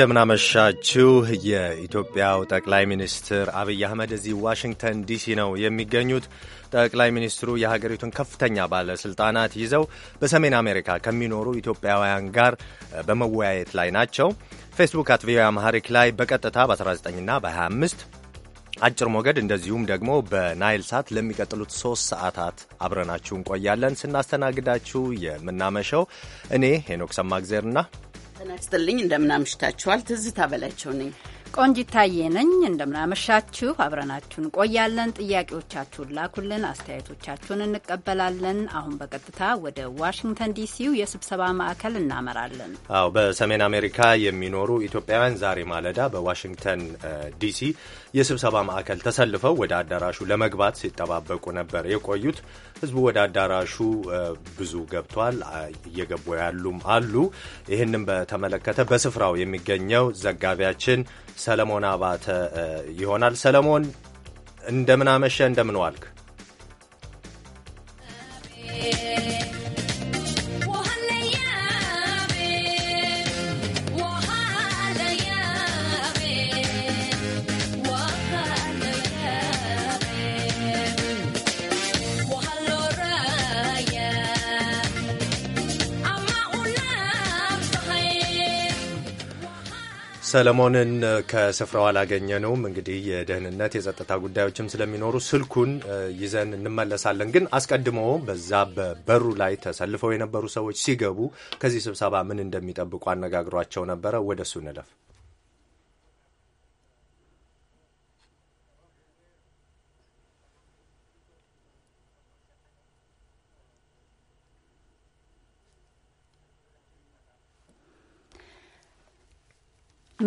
እንደምናመሻችሁ። የኢትዮጵያው ጠቅላይ ሚኒስትር አብይ አህመድ እዚህ ዋሽንግተን ዲሲ ነው የሚገኙት። ጠቅላይ ሚኒስትሩ የሀገሪቱን ከፍተኛ ባለስልጣናት ይዘው በሰሜን አሜሪካ ከሚኖሩ ኢትዮጵያውያን ጋር በመወያየት ላይ ናቸው። ፌስቡክ አት ቪኦኤ ላይ በቀጥታ በ19ና በ25 አጭር ሞገድ እንደዚሁም ደግሞ በናይል ሳት ለሚቀጥሉት ሶስት ሰዓታት አብረናችሁ እንቆያለን። ስናስተናግዳችሁ የምናመሸው እኔ ሄኖክ ሰማግዜርና ጤና እንደምናምሽታችኋል። ትዝታ በላቸው ነኝ። ቆንጂት ታዬ ነኝ። እንደምናመሻችሁ። አብረናችሁን ቆያለን። ጥያቄዎቻችሁን ላኩልን፣ አስተያየቶቻችሁን እንቀበላለን። አሁን በቀጥታ ወደ ዋሽንግተን ዲሲው የስብሰባ ማዕከል እናመራለን። አዎ፣ በሰሜን አሜሪካ የሚኖሩ ኢትዮጵያውያን ዛሬ ማለዳ በዋሽንግተን ዲሲ የስብሰባ ማዕከል ተሰልፈው ወደ አዳራሹ ለመግባት ሲጠባበቁ ነበር የቆዩት። ህዝቡ ወደ አዳራሹ ብዙ ገብቷል፣ እየገቡ ያሉም አሉ። ይህንም በተመለከተ በስፍራው የሚገኘው ዘጋቢያችን ሰለሞን አባተ ይሆናል። ሰለሞን እንደምን አመሸ፣ እንደምን ዋልክ? ሰለሞንን ከስፍራው አላገኘነውም። እንግዲህ የደህንነት የጸጥታ ጉዳዮችም ስለሚኖሩ ስልኩን ይዘን እንመለሳለን። ግን አስቀድሞ በዛ በበሩ ላይ ተሰልፈው የነበሩ ሰዎች ሲገቡ ከዚህ ስብሰባ ምን እንደሚጠብቁ አነጋግሯቸው ነበረ። ወደ እሱ እንለፍ።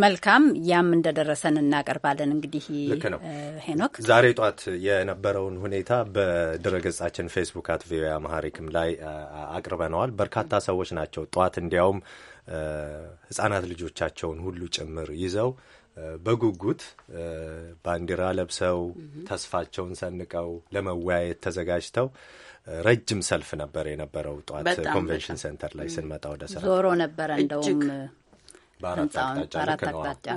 መልካም ያም እንደደረሰን እናቀርባለን። እንግዲህ ሄኖክ፣ ዛሬ ጧት የነበረውን ሁኔታ በድረገጻችን ፌስቡክ አት ቪኦኤ አማሃሪክም ላይ አቅርበነዋል። በርካታ ሰዎች ናቸው ጧት እንዲያውም ህጻናት ልጆቻቸውን ሁሉ ጭምር ይዘው በጉጉት ባንዲራ ለብሰው ተስፋቸውን ሰንቀው ለመወያየት ተዘጋጅተው ረጅም ሰልፍ ነበር የነበረው ጠዋት ኮንቬንሽን ሴንተር ላይ ስንመጣ ወደ ስራ ዞሮ ነበረ እንደውም ህንፃውን በአራት አቅጣጫ።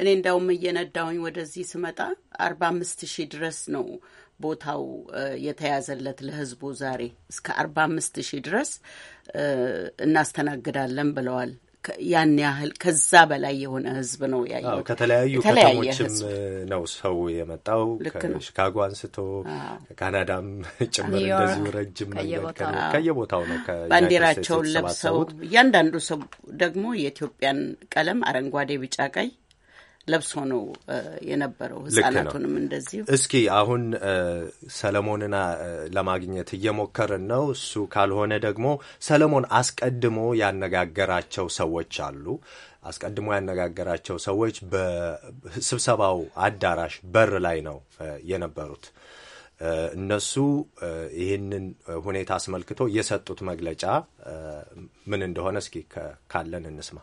እኔ እንደውም እየነዳውኝ ወደዚህ ስመጣ አርባ አምስት ሺህ ድረስ ነው ቦታው የተያዘለት ለህዝቡ ዛሬ እስከ አርባ አምስት ሺህ ድረስ እናስተናግዳለን ብለዋል ያን ያህል ከዛ በላይ የሆነ ህዝብ ነው ያየው። ከተለያዩ ከተሞችም ነው ሰው የመጣው ከሽካጎ አንስቶ ከካናዳም ጭምር እንደዚሁ ረጅም መንገድ ከየቦታው ነው። ባንዲራቸውን ለብሰው እያንዳንዱ ሰው ደግሞ የኢትዮጵያን ቀለም አረንጓዴ፣ ቢጫ፣ ቀይ ለብሶ ነው የነበረው። ህጻናቱንም እንደዚሁ። እስኪ አሁን ሰለሞንን ለማግኘት እየሞከርን ነው። እሱ ካልሆነ ደግሞ ሰለሞን አስቀድሞ ያነጋገራቸው ሰዎች አሉ። አስቀድሞ ያነጋገራቸው ሰዎች በስብሰባው አዳራሽ በር ላይ ነው የነበሩት። እነሱ ይህንን ሁኔታ አስመልክቶ የሰጡት መግለጫ ምን እንደሆነ እስኪ ካለን እንስማ።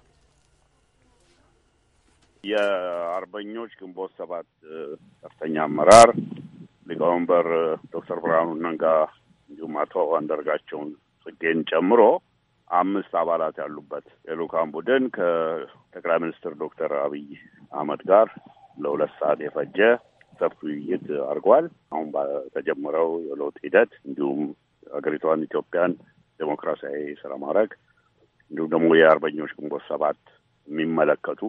የአርበኞች ግንቦት ሰባት ከፍተኛ አመራር ሊቀመንበር ዶክተር ብርሃኑ ነጋ እንዲሁም አቶ አንደርጋቸውን ጽጌን ጨምሮ አምስት አባላት ያሉበት የልኡካን ቡድን ከጠቅላይ ሚኒስትር ዶክተር አብይ አህመድ ጋር ለሁለት ሰዓት የፈጀ ሰፊ ውይይት አድርጓል። አሁን በተጀመረው የለውጥ ሂደት እንዲሁም ሀገሪቷን ኢትዮጵያን ዴሞክራሲያዊ ስለማድረግ እንዲሁም ደግሞ የአርበኞች ግንቦት ሰባት የሚመለከቱ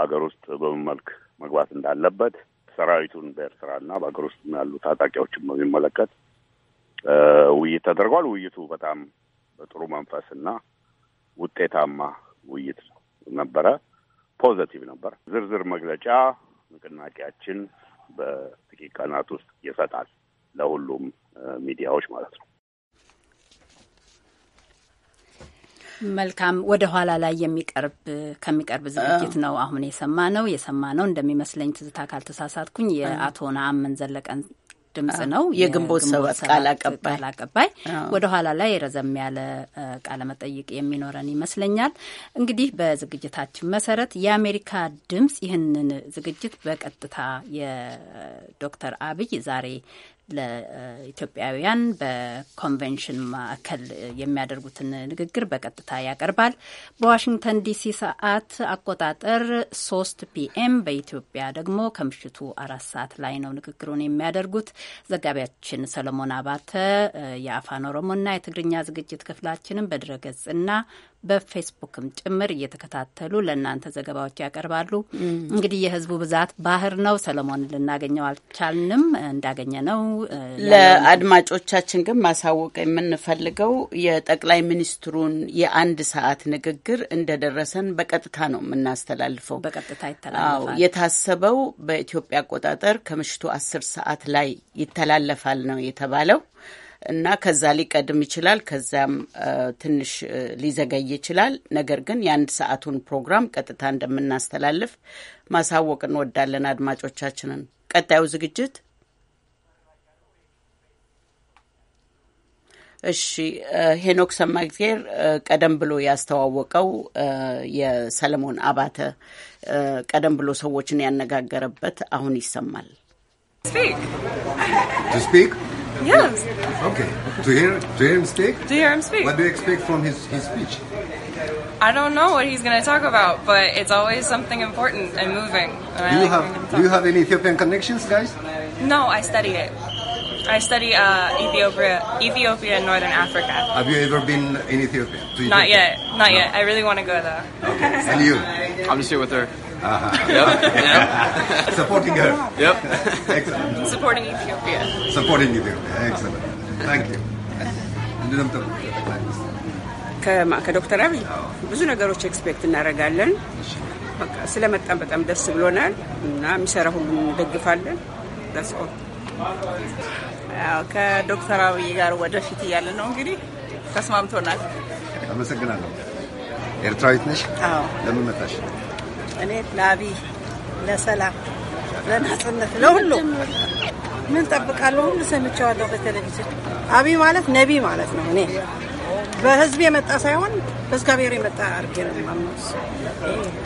ሀገር ውስጥ በምን መልክ መግባት እንዳለበት ሰራዊቱን በኤርትራና በሀገር ውስጥ ያሉ ታጣቂዎችን በሚመለከት ውይይት ተደርጓል። ውይይቱ በጣም በጥሩ መንፈስ እና ውጤታማ ውይይት ነበረ። ፖዘቲቭ ነበር። ዝርዝር መግለጫ ንቅናቄያችን በጥቂት ቀናት ውስጥ ይሰጣል ለሁሉም ሚዲያዎች ማለት ነው። መልካም ወደ ኋላ ላይ የሚቀርብ ከሚቀርብ ዝግጅት ነው አሁን የሰማ ነው የሰማ ነው እንደሚመስለኝ ትዝታ ካልተሳሳትኩኝ የአቶ ነአምን ዘለቀን ድምጽ ነው የግንቦት ሰባት ቃል አቀባይ። ወደ ኋላ ላይ ረዘም ያለ ቃለ መጠይቅ የሚኖረን ይመስለኛል። እንግዲህ በዝግጅታችን መሰረት የአሜሪካ ድምጽ ይህንን ዝግጅት በቀጥታ የዶክተር አብይ ዛሬ ለኢትዮጵያውያን በኮንቬንሽን ማዕከል የሚያደርጉትን ንግግር በቀጥታ ያቀርባል። በዋሽንግተን ዲሲ ሰዓት አቆጣጠር ሶስት ፒኤም በኢትዮጵያ ደግሞ ከምሽቱ አራት ሰዓት ላይ ነው ንግግሩን የሚያደርጉት። ዘጋቢያችን ሰለሞን አባተ የአፋን ኦሮሞና የትግርኛ ዝግጅት ክፍላችንን በድረገጽና በፌስቡክም ጭምር እየተከታተሉ ለእናንተ ዘገባዎች ያቀርባሉ። እንግዲህ የህዝቡ ብዛት ባህር ነው። ሰለሞን ልናገኘው አልቻልንም። እንዳገኘ ነው ለአድማጮቻችን ግን ማሳወቅ የምንፈልገው የጠቅላይ ሚኒስትሩን የአንድ ሰዓት ንግግር እንደደረሰን በቀጥታ ነው የምናስተላልፈው። በቀጥታ ይተላለፋል። የታሰበው በኢትዮጵያ አቆጣጠር ከምሽቱ አስር ሰዓት ላይ ይተላለፋል ነው የተባለው። እና ከዛ ሊቀድም ይችላል፣ ከዚያም ትንሽ ሊዘገይ ይችላል። ነገር ግን የአንድ ሰዓቱን ፕሮግራም ቀጥታ እንደምናስተላልፍ ማሳወቅ እንወዳለን አድማጮቻችንን። ቀጣዩ ዝግጅት እሺ፣ ሄኖክ ሰማግዜር ቀደም ብሎ ያስተዋወቀው የሰለሞን አባተ ቀደም ብሎ ሰዎችን ያነጋገረበት አሁን ይሰማል። Yes. Okay. To hear, to hear him speak? To hear him speak. What do you expect from his, his speech? I don't know what he's going to talk about, but it's always something important and moving. And do, you like have, do you have any Ethiopian connections, guys? No, I study it. I study uh, Ethiopia, Ethiopia and Northern Africa. Have you ever been in Ethiopia? Ethiopia? Not yet. Not no. yet. I really want to go though. Okay. and you? I'm just here with her. Uh-huh. Yep. yep. Supporting her. Yep. Excellent. Supporting Ethiopia. Supporting Ethiopia. Excellent. Thank you. ከዶክተር አብይ ብዙ ነገሮች ኤክስፔክት እናደርጋለን። በቃ ስለመጣን በጣም ደስ ብሎናል እና የሚሰራ ሁሉ እንደግፋለን። ከዶክተር አብይ ጋር ወደፊት እያለ ነው እንግዲህ ተስማምቶናል። አመሰግናለሁ። ኤርትራዊት ነሽ? ለምን መጣሽ? እኔ ለአብይ ለሰላም፣ ለናጽነት፣ ለሁሉ ምን ጠብቃለሁ? ሁሉ ሰምቼዋለሁ በቴሌቪዥን። አብይ ማለት ነቢ ማለት ነው። እኔ በህዝብ የመጣ ሳይሆን በእግዚአብሔር የመጣ አድርጌ ነው የማምነው።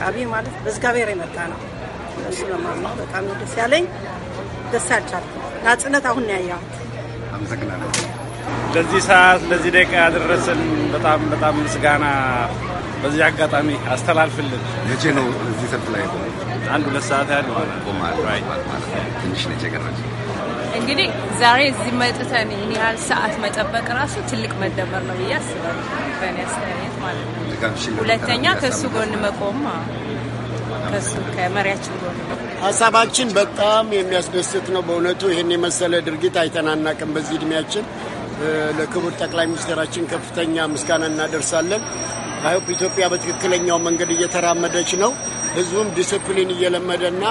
አብይ ማለት በእግዚአብሔር የመጣ ነው። እሱ ለማምነው በጣም ደስ ያለኝ ደስ አልቻልኩም። ናጽነት አሁን ነው ያየኋት። አመሰግናለሁ። ለዚህ ሰዓት ለዚህ ደቂቃ ያደረስን በጣም በጣም ምስጋና በዚህ አጋጣሚ አስተላልፍልን። መቼ ነው እዚህ ሰልፍ ላይ አንድ ሁለት ሰዓት ያለው ትንሽ ነች የቀረች። እንግዲህ ዛሬ እዚህ መጥተን ይህን ያህል ሰዓት መጠበቅ ራሱ ትልቅ መደመር ነው ብዬ አስባለሁ፣ በእኔ አስተያየት ማለት ነው። ሁለተኛ ከእሱ ጎን መቆም ከመሪያችን ጎን ሀሳባችን በጣም የሚያስደስት ነው በእውነቱ። ይህን የመሰለ ድርጊት አይተናናቅም በዚህ እድሜያችን። ለክቡር ጠቅላይ ሚኒስትራችን ከፍተኛ ምስጋና እናደርሳለን። አይሆፕ ኢትዮጵያ በትክክለኛው መንገድ እየተራመደች ነው። ህዝቡም ዲስፕሊን እየለመደና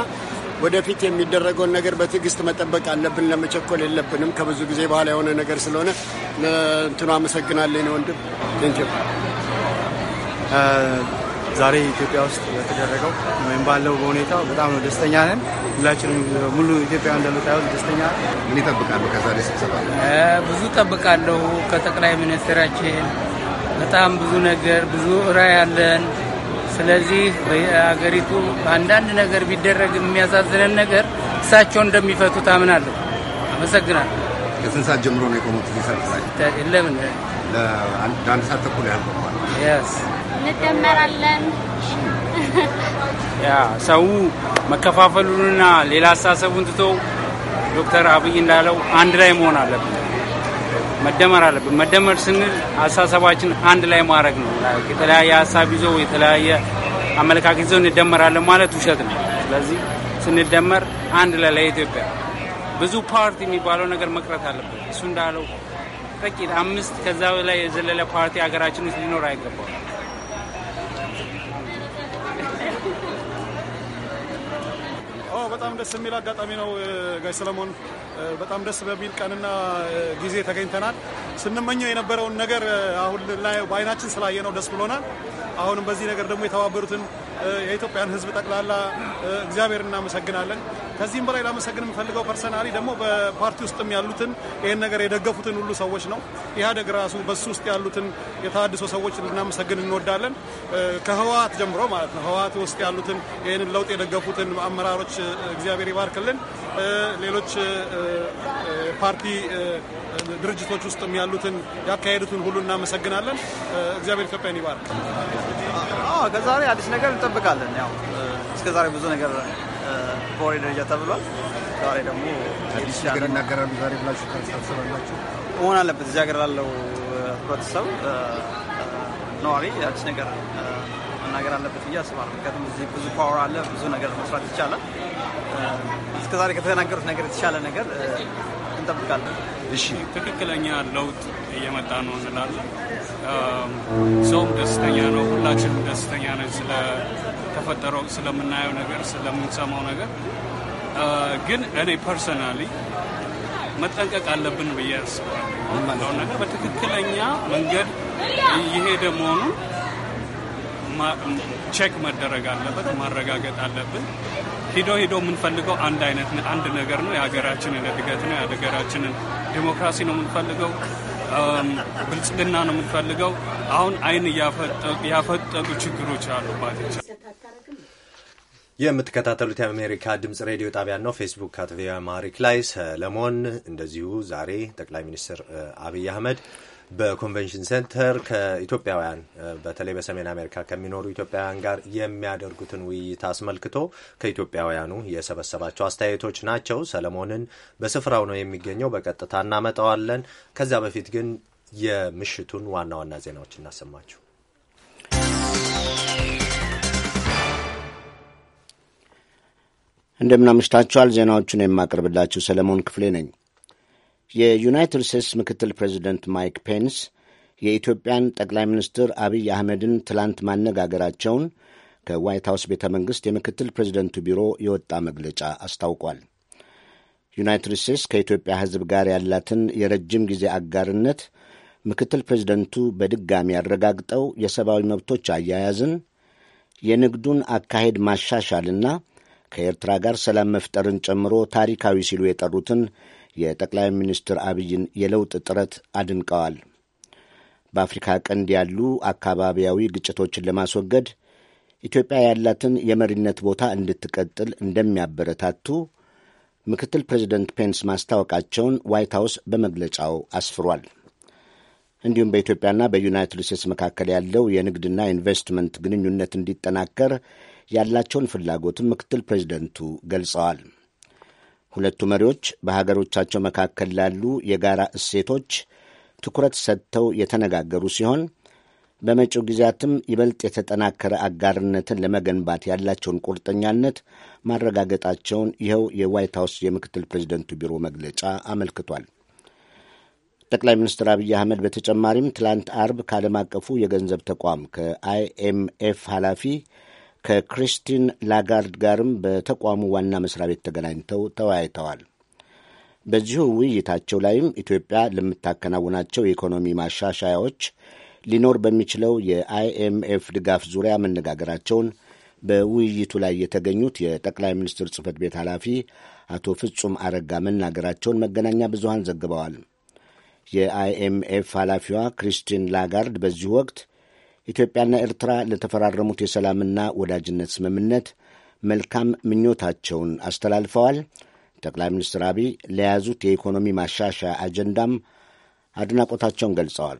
ወደፊት የሚደረገውን ነገር በትዕግስት መጠበቅ አለብን። ለመቸኮል የለብንም። ከብዙ ጊዜ በኋላ የሆነ ነገር ስለሆነ እንትኑ አመሰግናለኝ ነው ወንድም ንኪ ዛሬ ኢትዮጵያ ውስጥ በተደረገው ወይም ባለው በሁኔታ በጣም ነው ደስተኛ ነን። ሁላችንም ሙሉ ኢትዮጵያ እንደምታየው ደስተኛ ምን ይጠብቃሉ? ከዛሬ ስብሰባ ብዙ ጠብቃለሁ ከጠቅላይ ሚኒስትራችን በጣም ብዙ ነገር ብዙ ራዕይ ያለን። ስለዚህ በሀገሪቱ አንዳንድ ነገር ቢደረግ የሚያሳዝነን ነገር እሳቸው እንደሚፈቱ ታምናለሁ። አመሰግናለሁ። ከስንት ሰዓት ጀምሮ ነው የቆሙት? ለምን ለአንድ ሰዓት ተኩል ያህል እንደመራለን። ያ ሰው መከፋፈሉንና ሌላ አሳሰቡን ትቶ ዶክተር አብይ እንዳለው አንድ ላይ መሆን አለብን። መደመር አለብን። መደመር ስንል አሳሰባችን አንድ ላይ ማድረግ ነው። የተለያየ ሀሳብ ይዞ የተለያየ አመለካከት ይዞ እንደመራለን ማለት ውሸት ነው። ስለዚህ ስንደመር አንድ ላይ ለኢትዮጵያ ብዙ ፓርቲ የሚባለው ነገር መቅረት አለበት። እሱ እንዳለው ጥቂት አምስት ከዛ ላይ የዘለለ ፓርቲ ሀገራችን ውስጥ ሊኖር አይገባም። በጣም ደስ የሚል አጋጣሚ ነው ጋይ ሰለሞን በጣም ደስ በሚል ቀንና ጊዜ ተገኝተናል። ስንመኘው የነበረውን ነገር አሁን ላይ በአይናችን ስላየነው ደስ ብሎናል። አሁንም በዚህ ነገር ደግሞ የተባበሩትን የኢትዮጵያን ሕዝብ ጠቅላላ እግዚአብሔር እናመሰግናለን። ከዚህም በላይ ላመሰግን የምፈልገው ፐርሰናሊ ደግሞ በፓርቲ ውስጥም ያሉትን ይህን ነገር የደገፉትን ሁሉ ሰዎች ነው። ኢህአደግ ራሱ በሱ ውስጥ ያሉትን የተሃድሶ ሰዎች ልናመሰግን እንወዳለን። ከህወሀት ጀምሮ ማለት ነው። ህወሀት ውስጥ ያሉትን ይህንን ለውጥ የደገፉትን አመራሮች እግዚአብሔር ይባርክልን። ሌሎች ፓርቲ ድርጅቶች ውስጥም ያሉትን ያካሄዱትን ሁሉ እናመሰግናለን። እግዚአብሔር ኢትዮጵያን ይባርክ። ከዛሬ አዲስ ነገር እንጠብቃለን። ያው እስከ ዛሬ ብዙ ነገር በወሬ ደረጃ ተብሏል። ዛሬ ደግሞ አዲስ ነገር ይናገራሉ። ዛሬ ብላችሁ ታስባላችሁ መሆን አለበት። እዚህ ሀገር ላለው ህብረተሰብ ነዋሪ አዲስ ነገር መናገር አለበት ብዬ አስባለሁ። ምክንያቱም እዚህ ብዙ ፓወር አለ፣ ብዙ ነገር መስራት ይቻላል። እስከዛሬ ከተናገሩት ነገር የተሻለ ነገር እንጠብቃለን። እሺ ትክክለኛ ለውጥ እየመጣ ነው እንላለን። ሰውም ደስተኛ ነው፣ ሁላችንም ደስተኛ ነን ስለተፈጠረው፣ ስለምናየው ነገር፣ ስለምንሰማው ነገር። ግን እኔ ፐርሰናሊ መጠንቀቅ አለብን ብዬ አስባለሁ። ነገር በትክክለኛ መንገድ እየሄደ መሆኑን ቼክ መደረግ አለበት፣ ማረጋገጥ አለብን። ሂዶ ሂዶ የምንፈልገው አንድ አይነት አንድ ነገር ነው። የሀገራችንን እድገት ነው፣ የሀገራችንን ዲሞክራሲ ነው የምንፈልገው፣ ብልጽግና ነው የምንፈልገው። አሁን አይን ያፈጠጡ ችግሮች አሉባት። የምትከታተሉት የአሜሪካ ድምጽ ሬዲዮ ጣቢያ ነው። ፌስቡክ አት ቪኦኤ አማሪክ ላይ ሰለሞን እንደዚሁ ዛሬ ጠቅላይ ሚኒስትር አብይ አህመድ በኮንቬንሽን ሴንተር ከኢትዮጵያውያን በተለይ በሰሜን አሜሪካ ከሚኖሩ ኢትዮጵያውያን ጋር የሚያደርጉትን ውይይት አስመልክቶ ከኢትዮጵያውያኑ የሰበሰባቸው አስተያየቶች ናቸው። ሰለሞንን በስፍራው ነው የሚገኘው፣ በቀጥታ እናመጣዋለን። ከዚያ በፊት ግን የምሽቱን ዋና ዋና ዜናዎች እናሰማችሁ። እንደምናምሽታችኋል። ዜናዎቹን የማቀርብላችሁ ሰለሞን ክፍሌ ነኝ። የዩናይትድ ስቴትስ ምክትል ፕሬዚደንት ማይክ ፔንስ የኢትዮጵያን ጠቅላይ ሚኒስትር አብይ አህመድን ትላንት ማነጋገራቸውን ከዋይት ሀውስ ቤተ መንግሥት የምክትል ፕሬዚደንቱ ቢሮ የወጣ መግለጫ አስታውቋል። ዩናይትድ ስቴትስ ከኢትዮጵያ ሕዝብ ጋር ያላትን የረጅም ጊዜ አጋርነት ምክትል ፕሬዚደንቱ በድጋሚ ያረጋግጠው የሰብአዊ መብቶች አያያዝን፣ የንግዱን አካሄድ ማሻሻልና ከኤርትራ ጋር ሰላም መፍጠርን ጨምሮ ታሪካዊ ሲሉ የጠሩትን የጠቅላይ ሚኒስትር አብይን የለውጥ ጥረት አድንቀዋል። በአፍሪካ ቀንድ ያሉ አካባቢያዊ ግጭቶችን ለማስወገድ ኢትዮጵያ ያላትን የመሪነት ቦታ እንድትቀጥል እንደሚያበረታቱ ምክትል ፕሬዚደንት ፔንስ ማስታወቃቸውን ዋይት ሀውስ በመግለጫው አስፍሯል። እንዲሁም በኢትዮጵያና በዩናይትድ ስቴትስ መካከል ያለው የንግድና ኢንቨስትመንት ግንኙነት እንዲጠናከር ያላቸውን ፍላጎትም ምክትል ፕሬዚደንቱ ገልጸዋል። ሁለቱ መሪዎች በሀገሮቻቸው መካከል ላሉ የጋራ እሴቶች ትኩረት ሰጥተው የተነጋገሩ ሲሆን በመጪው ጊዜያትም ይበልጥ የተጠናከረ አጋርነትን ለመገንባት ያላቸውን ቁርጠኛነት ማረጋገጣቸውን ይኸው የዋይት ሀውስ የምክትል ፕሬዚደንቱ ቢሮ መግለጫ አመልክቷል። ጠቅላይ ሚኒስትር አብይ አህመድ በተጨማሪም ትላንት አርብ ከዓለም አቀፉ የገንዘብ ተቋም ከአይኤምኤፍ ኃላፊ ከክሪስቲን ላጋርድ ጋርም በተቋሙ ዋና መስሪያ ቤት ተገናኝተው ተወያይተዋል። በዚሁ ውይይታቸው ላይም ኢትዮጵያ ለምታከናውናቸው የኢኮኖሚ ማሻሻያዎች ሊኖር በሚችለው የአይኤምኤፍ ድጋፍ ዙሪያ መነጋገራቸውን በውይይቱ ላይ የተገኙት የጠቅላይ ሚኒስትር ጽህፈት ቤት ኃላፊ አቶ ፍጹም አረጋ መናገራቸውን መገናኛ ብዙሃን ዘግበዋል። የአይኤምኤፍ ኃላፊዋ ክሪስቲን ላጋርድ በዚሁ ወቅት ኢትዮጵያና ኤርትራ ለተፈራረሙት የሰላምና ወዳጅነት ስምምነት መልካም ምኞታቸውን አስተላልፈዋል። ጠቅላይ ሚኒስትር አብይ ለያዙት የኢኮኖሚ ማሻሻያ አጀንዳም አድናቆታቸውን ገልጸዋል።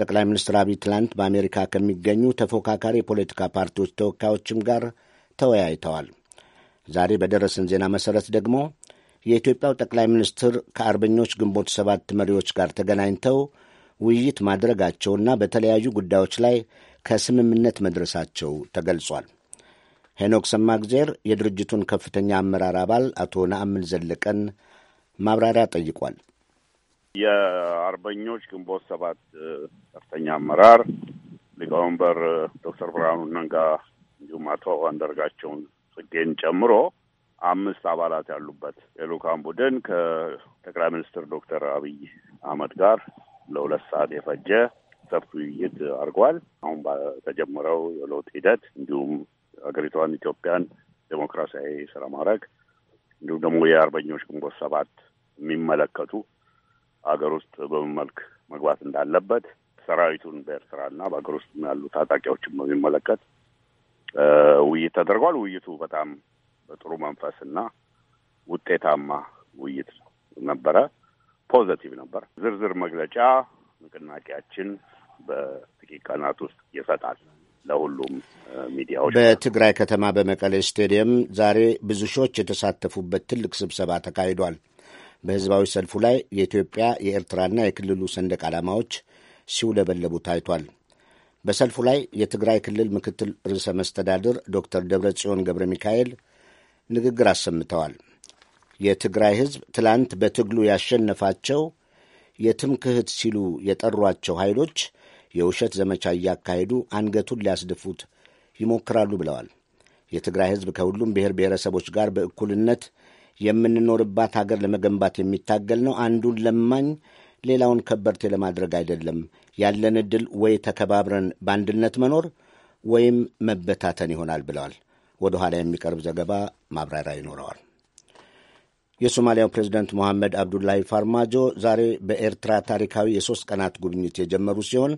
ጠቅላይ ሚኒስትር አብይ ትላንት በአሜሪካ ከሚገኙ ተፎካካሪ የፖለቲካ ፓርቲዎች ተወካዮችም ጋር ተወያይተዋል። ዛሬ በደረሰን ዜና መሠረት ደግሞ የኢትዮጵያው ጠቅላይ ሚኒስትር ከአርበኞች ግንቦት ሰባት መሪዎች ጋር ተገናኝተው ውይይት ማድረጋቸውና በተለያዩ ጉዳዮች ላይ ከስምምነት መድረሳቸው ተገልጿል። ሄኖክ ሰማግዜር የድርጅቱን ከፍተኛ አመራር አባል አቶ ነአምን ዘለቀን ማብራሪያ ጠይቋል። የአርበኞች ግንቦት ሰባት ከፍተኛ አመራር ሊቀመንበር ዶክተር ብርሃኑ ነጋ እንዲሁም አቶ አንደርጋቸውን ጽጌን ጨምሮ አምስት አባላት ያሉበት የልዑካን ቡድን ከጠቅላይ ሚኒስትር ዶክተር አብይ አህመድ ጋር ለሁለት ሰዓት የፈጀ ሰፊ ውይይት አድርጓል። አሁን በተጀመረው የለውጥ ሂደት እንዲሁም ሀገሪቷን ኢትዮጵያን ዴሞክራሲያዊ ስራ ማድረግ እንዲሁም ደግሞ የአርበኞች ግንቦት ሰባት የሚመለከቱ ሀገር ውስጥ በምን መልክ መግባት እንዳለበት ሰራዊቱን በኤርትራና በሀገር ውስጥ ያሉ ታጣቂዎችን በሚመለከት ውይይት ተደርጓል። ውይይቱ በጣም በጥሩ መንፈስና ውጤታማ ውይይት ነበረ። ፖዘቲቭ ነበር። ዝርዝር መግለጫ ንቅናቄያችን በጥቂት ቀናት ውስጥ ይሰጣል ለሁሉም ሚዲያዎች። በትግራይ ከተማ በመቀሌ ስቴዲየም ዛሬ ብዙ ሺዎች የተሳተፉበት ትልቅ ስብሰባ ተካሂዷል። በህዝባዊ ሰልፉ ላይ የኢትዮጵያ የኤርትራና የክልሉ ሰንደቅ ዓላማዎች ሲውለበለቡ ታይቷል። በሰልፉ ላይ የትግራይ ክልል ምክትል ርዕሰ መስተዳድር ዶክተር ደብረ ጽዮን ገብረ ሚካኤል ንግግር አሰምተዋል። የትግራይ ሕዝብ ትላንት በትግሉ ያሸነፋቸው የትምክህት ሲሉ የጠሯቸው ኃይሎች የውሸት ዘመቻ እያካሄዱ አንገቱን ሊያስድፉት ይሞክራሉ ብለዋል። የትግራይ ሕዝብ ከሁሉም ብሔር ብሔረሰቦች ጋር በእኩልነት የምንኖርባት ሀገር ለመገንባት የሚታገል ነው። አንዱን ለማኝ ሌላውን ከበርቴ ለማድረግ አይደለም። ያለን ዕድል ወይ ተከባብረን በአንድነት መኖር ወይም መበታተን ይሆናል ብለዋል። ወደ ኋላ የሚቀርብ ዘገባ ማብራሪያ ይኖረዋል። የሶማሊያው ፕሬዚደንት ሞሐመድ አብዱላሂ ፋርማጆ ዛሬ በኤርትራ ታሪካዊ የሦስት ቀናት ጉብኝት የጀመሩ ሲሆን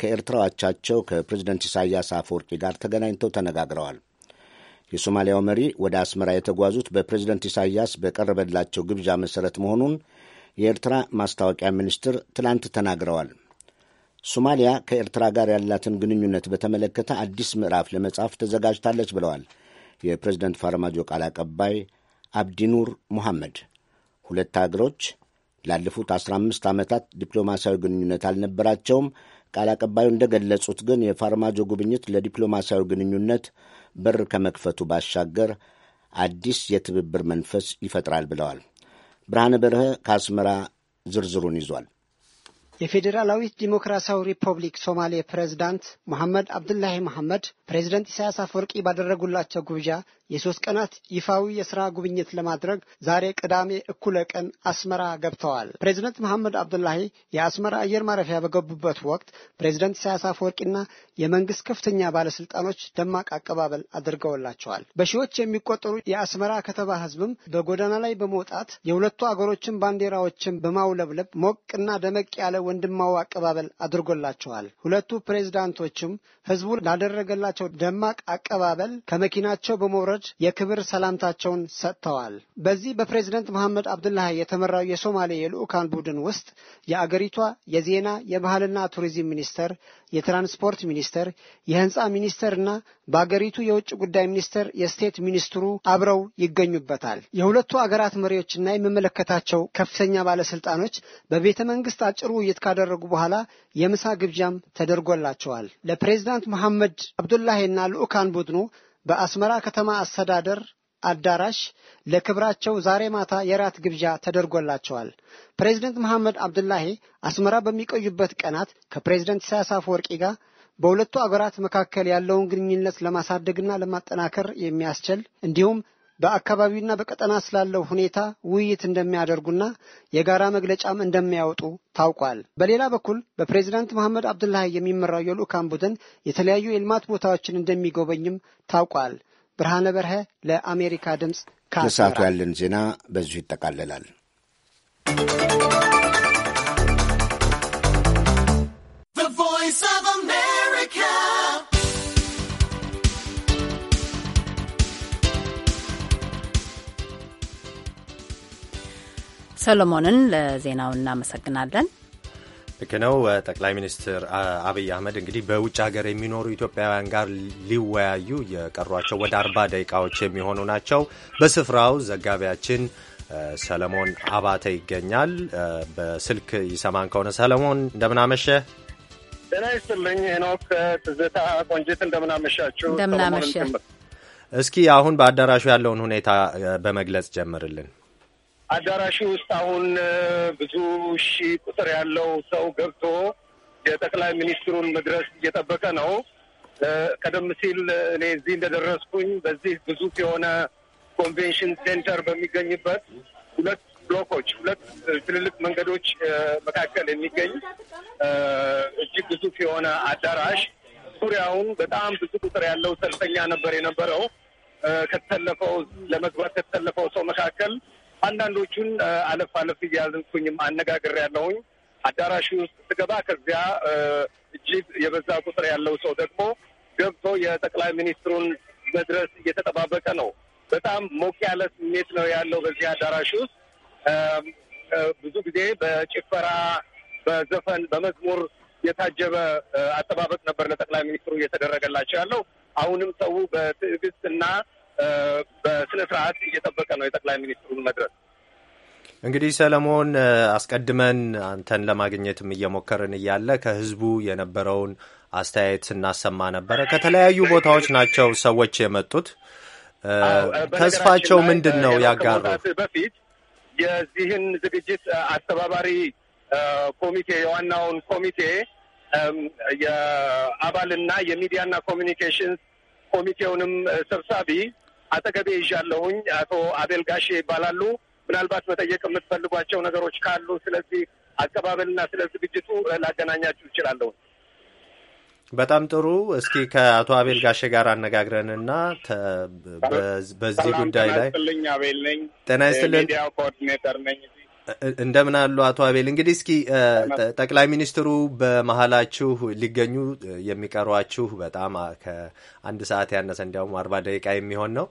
ከኤርትራዎቻቸው ከፕሬዚደንት ኢሳያስ አፈወርቂ ጋር ተገናኝተው ተነጋግረዋል። የሶማሊያው መሪ ወደ አስመራ የተጓዙት በፕሬዚደንት ኢሳያስ በቀረበላቸው ግብዣ መሠረት መሆኑን የኤርትራ ማስታወቂያ ሚኒስትር ትላንት ተናግረዋል። ሶማሊያ ከኤርትራ ጋር ያላትን ግንኙነት በተመለከተ አዲስ ምዕራፍ ለመጻፍ ተዘጋጅታለች ብለዋል የፕሬዚደንት ፋርማጆ ቃል አቀባይ አብዲኑር ሙሐመድ ሁለት አገሮች ላለፉት አምስት ዓመታት ዲፕሎማሲያዊ ግንኙነት አልነበራቸውም። ቃል አቀባዩ እንደገለጹት ግን የፋርማጆ ጉብኝት ለዲፕሎማሲያዊ ግንኙነት በር ከመክፈቱ ባሻገር አዲስ የትብብር መንፈስ ይፈጥራል ብለዋል። ብርሃነ በርሀ ከአስመራ ዝርዝሩን ይዟል። የፌዴራላዊት ዲሞክራሲያዊ ሪፐብሊክ ሶማሌ ፕሬዝዳንት መሐመድ አብዱላሂ መሐመድ ፕሬዝደንት ኢሳያስ አፈወርቂ ባደረጉላቸው ግብዣ የሶስት ቀናት ይፋዊ የሥራ ጉብኝት ለማድረግ ዛሬ ቅዳሜ እኩለ ቀን አስመራ ገብተዋል። ፕሬዚደንት መሐመድ አብዱላሂ የአስመራ አየር ማረፊያ በገቡበት ወቅት ፕሬዚደንት ኢሳያስ አፈወርቂና የመንግስት ከፍተኛ ባለስልጣኖች ደማቅ አቀባበል አድርገውላቸዋል። በሺዎች የሚቆጠሩ የአስመራ ከተማ ህዝብም በጎዳና ላይ በመውጣት የሁለቱ አገሮችን ባንዲራዎችን በማውለብለብ ሞቅና ደመቅ ያለ ወንድማዊ አቀባበል አድርጎላቸዋል። ሁለቱ ፕሬዚዳንቶችም ሕዝቡ ላደረገላቸው ደማቅ አቀባበል ከመኪናቸው በመውረድ አመራሮች የክብር ሰላምታቸውን ሰጥተዋል። በዚህ በፕሬዝደንት መሐመድ አብዱላሂ የተመራው የሶማሌ የልዑካን ቡድን ውስጥ የአገሪቷ የዜና የባህልና ቱሪዝም ሚኒስተር፣ የትራንስፖርት ሚኒስተር፣ የህንፃ እና በአገሪቱ የውጭ ጉዳይ ሚኒስተር የስቴት ሚኒስትሩ አብረው ይገኙበታል። የሁለቱ አገራት መሪዎችና የሚመለከታቸው ከፍተኛ ባለስልጣኖች በቤተ መንግስት አጭር ውይይት ካደረጉ በኋላ የምሳ ግብዣም ተደርጎላቸዋል። ለፕሬዝዳንት መሐመድ አብዱላሂና ልዑካን ቡድኑ በአስመራ ከተማ አስተዳደር አዳራሽ ለክብራቸው ዛሬ ማታ የራት ግብዣ ተደርጎላቸዋል። ፕሬዚደንት መሐመድ አብዱላሂ አስመራ በሚቆዩበት ቀናት ከፕሬዚደንት ኢሳያስ አፈወርቂ ጋር በሁለቱ አገራት መካከል ያለውን ግንኙነት ለማሳደግና ለማጠናከር የሚያስችል እንዲሁም በአካባቢውና በቀጠና ስላለው ሁኔታ ውይይት እንደሚያደርጉና የጋራ መግለጫም እንደሚያወጡ ታውቋል። በሌላ በኩል በፕሬዚዳንት መሐመድ አብዱላሂ የሚመራው የልዑካን ቡድን የተለያዩ የልማት ቦታዎችን እንደሚጎበኝም ታውቋል። ብርሃነ በርሀ ለአሜሪካ ድምፅ ከሰዓቱ ያለን ዜና በዚሁ ይጠቃለላል። ሰሎሞንን ለዜናው እናመሰግናለን። ልክ ነው። ጠቅላይ ሚኒስትር አብይ አህመድ እንግዲህ በውጭ ሀገር የሚኖሩ ኢትዮጵያውያን ጋር ሊወያዩ የቀሯቸው ወደ አርባ ደቂቃዎች የሚሆኑ ናቸው። በስፍራው ዘጋቢያችን ሰለሞን አባተ ይገኛል። በስልክ ይሰማን ከሆነ ሰለሞን እንደምናመሸ። ጤና ይስጥልኝ ሄኖክ፣ ትዝታ፣ ቆንጂት እንደምናመሻችሁ። እንደምናመሸ። እስኪ አሁን በአዳራሹ ያለውን ሁኔታ በመግለጽ ጀምርልን። አዳራሹ ውስጥ አሁን ብዙ ሺህ ቁጥር ያለው ሰው ገብቶ የጠቅላይ ሚኒስትሩን መድረስ እየጠበቀ ነው። ቀደም ሲል እኔ እዚህ እንደደረስኩኝ በዚህ ግዙፍ የሆነ ኮንቬንሽን ሴንተር በሚገኝበት ሁለት ብሎኮች ሁለት ትልልቅ መንገዶች መካከል የሚገኝ እጅግ ግዙፍ የሆነ አዳራሽ ዙሪያውን በጣም ብዙ ቁጥር ያለው ሰልፈኛ ነበር የነበረው። ከተሰለፈው ለመግባት ከተሰለፈው ሰው መካከል አንዳንዶቹን አለፍ አለፍ እያዘንኩኝም አነጋግር ያለሁኝ አዳራሽ ውስጥ ስገባ ከዚያ እጅግ የበዛ ቁጥር ያለው ሰው ደግሞ ገብቶ የጠቅላይ ሚኒስትሩን መድረስ እየተጠባበቀ ነው። በጣም ሞቅ ያለ ስሜት ነው ያለው በዚህ አዳራሽ ውስጥ። ብዙ ጊዜ በጭፈራ በዘፈን፣ በመዝሙር የታጀበ አጠባበቅ ነበር ለጠቅላይ ሚኒስትሩ እየተደረገላቸው ያለው። አሁንም ሰው በትዕግስት በስነ ስርዓት እየጠበቀ ነው የጠቅላይ ሚኒስትሩን መድረስ። እንግዲህ ሰለሞን፣ አስቀድመን አንተን ለማግኘትም እየሞከርን እያለ ከህዝቡ የነበረውን አስተያየት ስናሰማ ነበረ። ከተለያዩ ቦታዎች ናቸው ሰዎች የመጡት። ተስፋቸው ምንድን ነው ያጋሩ። በፊት የዚህን ዝግጅት አስተባባሪ ኮሚቴ የዋናውን ኮሚቴ የአባልና የሚዲያና ኮሚኒኬሽንስ ኮሚቴውንም ሰብሳቢ አጠገቤ ይዣለሁኝ። አቶ አቤል ጋሼ ይባላሉ። ምናልባት መጠየቅ የምትፈልጓቸው ነገሮች ካሉ ስለዚህ አቀባበልና ስለ ዝግጅቱ ላገናኛችሁ እችላለሁ። በጣም ጥሩ። እስኪ ከአቶ አቤል ጋሼ ጋር አነጋግረንና በዚህ ጉዳይ ላይ ጤና ይስጥልን። ሚዲያ ኮኦርዲኔተር ነኝ። እንደምን አሉ አቶ አቤል። እንግዲህ እስኪ ጠቅላይ ሚኒስትሩ በመሀላችሁ ሊገኙ የሚቀሯችሁ በጣም ከአንድ ሰዓት ያነሰ እንዲያውም አርባ ደቂቃ የሚሆን ነው።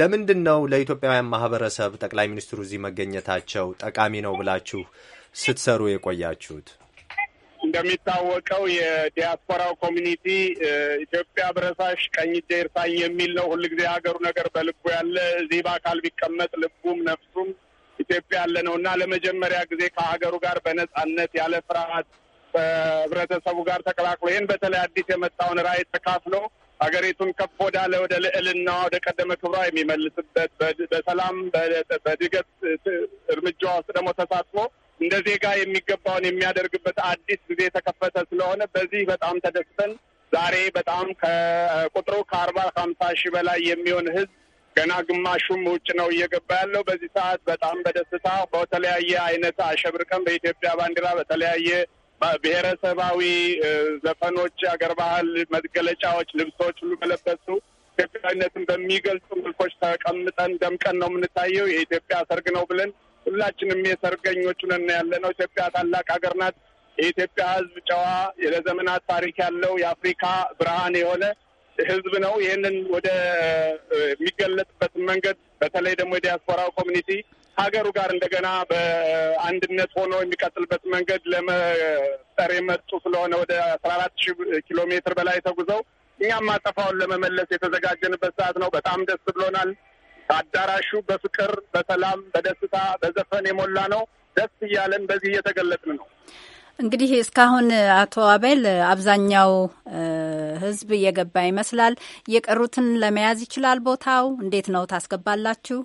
ለምንድን ነው ለኢትዮጵያውያን ማህበረሰብ ጠቅላይ ሚኒስትሩ እዚህ መገኘታቸው ጠቃሚ ነው ብላችሁ ስትሰሩ የቆያችሁት? እንደሚታወቀው የዲያስፖራው ኮሚኒቲ ኢትዮጵያ ብረሳሽ ቀኝ እጄ እርሳኝ የሚል ነው። ሁልጊዜ ሀገሩ ነገር በልቡ ያለ እዚህ በአካል ቢቀመጥ ልቡም ነፍሱም ኢትዮጵያ ያለ ነው እና ለመጀመሪያ ጊዜ ከሀገሩ ጋር በነጻነት ያለ ፍርሃት ከህብረተሰቡ ጋር ተቀላቅሎ ይህን በተለይ አዲስ የመጣውን ራዕይ ተካፍሎ ሀገሪቱን ከፍ ወዳለ ወደ ልዕልና ወደ ቀደመ ክብሯ የሚመልስበት በሰላም በድገት እርምጃ ውስጥ ደግሞ ተሳትፎ እንደ ዜጋ የሚገባውን የሚያደርግበት አዲስ ጊዜ የተከፈተ ስለሆነ በዚህ በጣም ተደስተን ዛሬ በጣም ከቁጥሩ ከአርባ ከሀምሳ ሺህ በላይ የሚሆን ህዝብ ገና ግማሹም ውጭ ነው እየገባ ያለው። በዚህ ሰዓት በጣም በደስታ በተለያየ አይነት አሸብርቀን በኢትዮጵያ ባንዲራ በተለያየ ብሔረሰባዊ ዘፈኖች፣ አገር ባህል መገለጫዎች፣ ልብሶች ሁሉ መለበሱ ኢትዮጵያዊነትን በሚገልጹ መልኮች ተቀምጠን ደምቀን ነው የምንታየው። የኢትዮጵያ ሰርግ ነው ብለን ሁላችንም የሰርገኞቹን እና ያለ ነው። ኢትዮጵያ ታላቅ ሀገር ናት። የኢትዮጵያ ሕዝብ ጨዋ፣ ለዘመናት ታሪክ ያለው የአፍሪካ ብርሃን የሆነ ህዝብ ነው። ይህንን ወደ የሚገለጽበት መንገድ በተለይ ደግሞ የዲያስፖራው ኮሚኒቲ ሀገሩ ጋር እንደገና በአንድነት ሆኖ የሚቀጥልበት መንገድ ለመፍጠር የመጡ ስለሆነ ወደ አስራ አራት ሺህ ኪሎ ሜትር በላይ ተጉዘው እኛም ማጠፋውን ለመመለስ የተዘጋጀንበት ሰዓት ነው። በጣም ደስ ብሎናል። አዳራሹ በፍቅር፣ በሰላም፣ በደስታ፣ በዘፈን የሞላ ነው። ደስ እያለን በዚህ እየተገለጥን ነው። እንግዲህ እስካሁን አቶ አቤል አብዛኛው ህዝብ እየገባ ይመስላል። የቀሩትን ለመያዝ ይችላል ቦታው እንዴት ነው ታስገባላችሁ?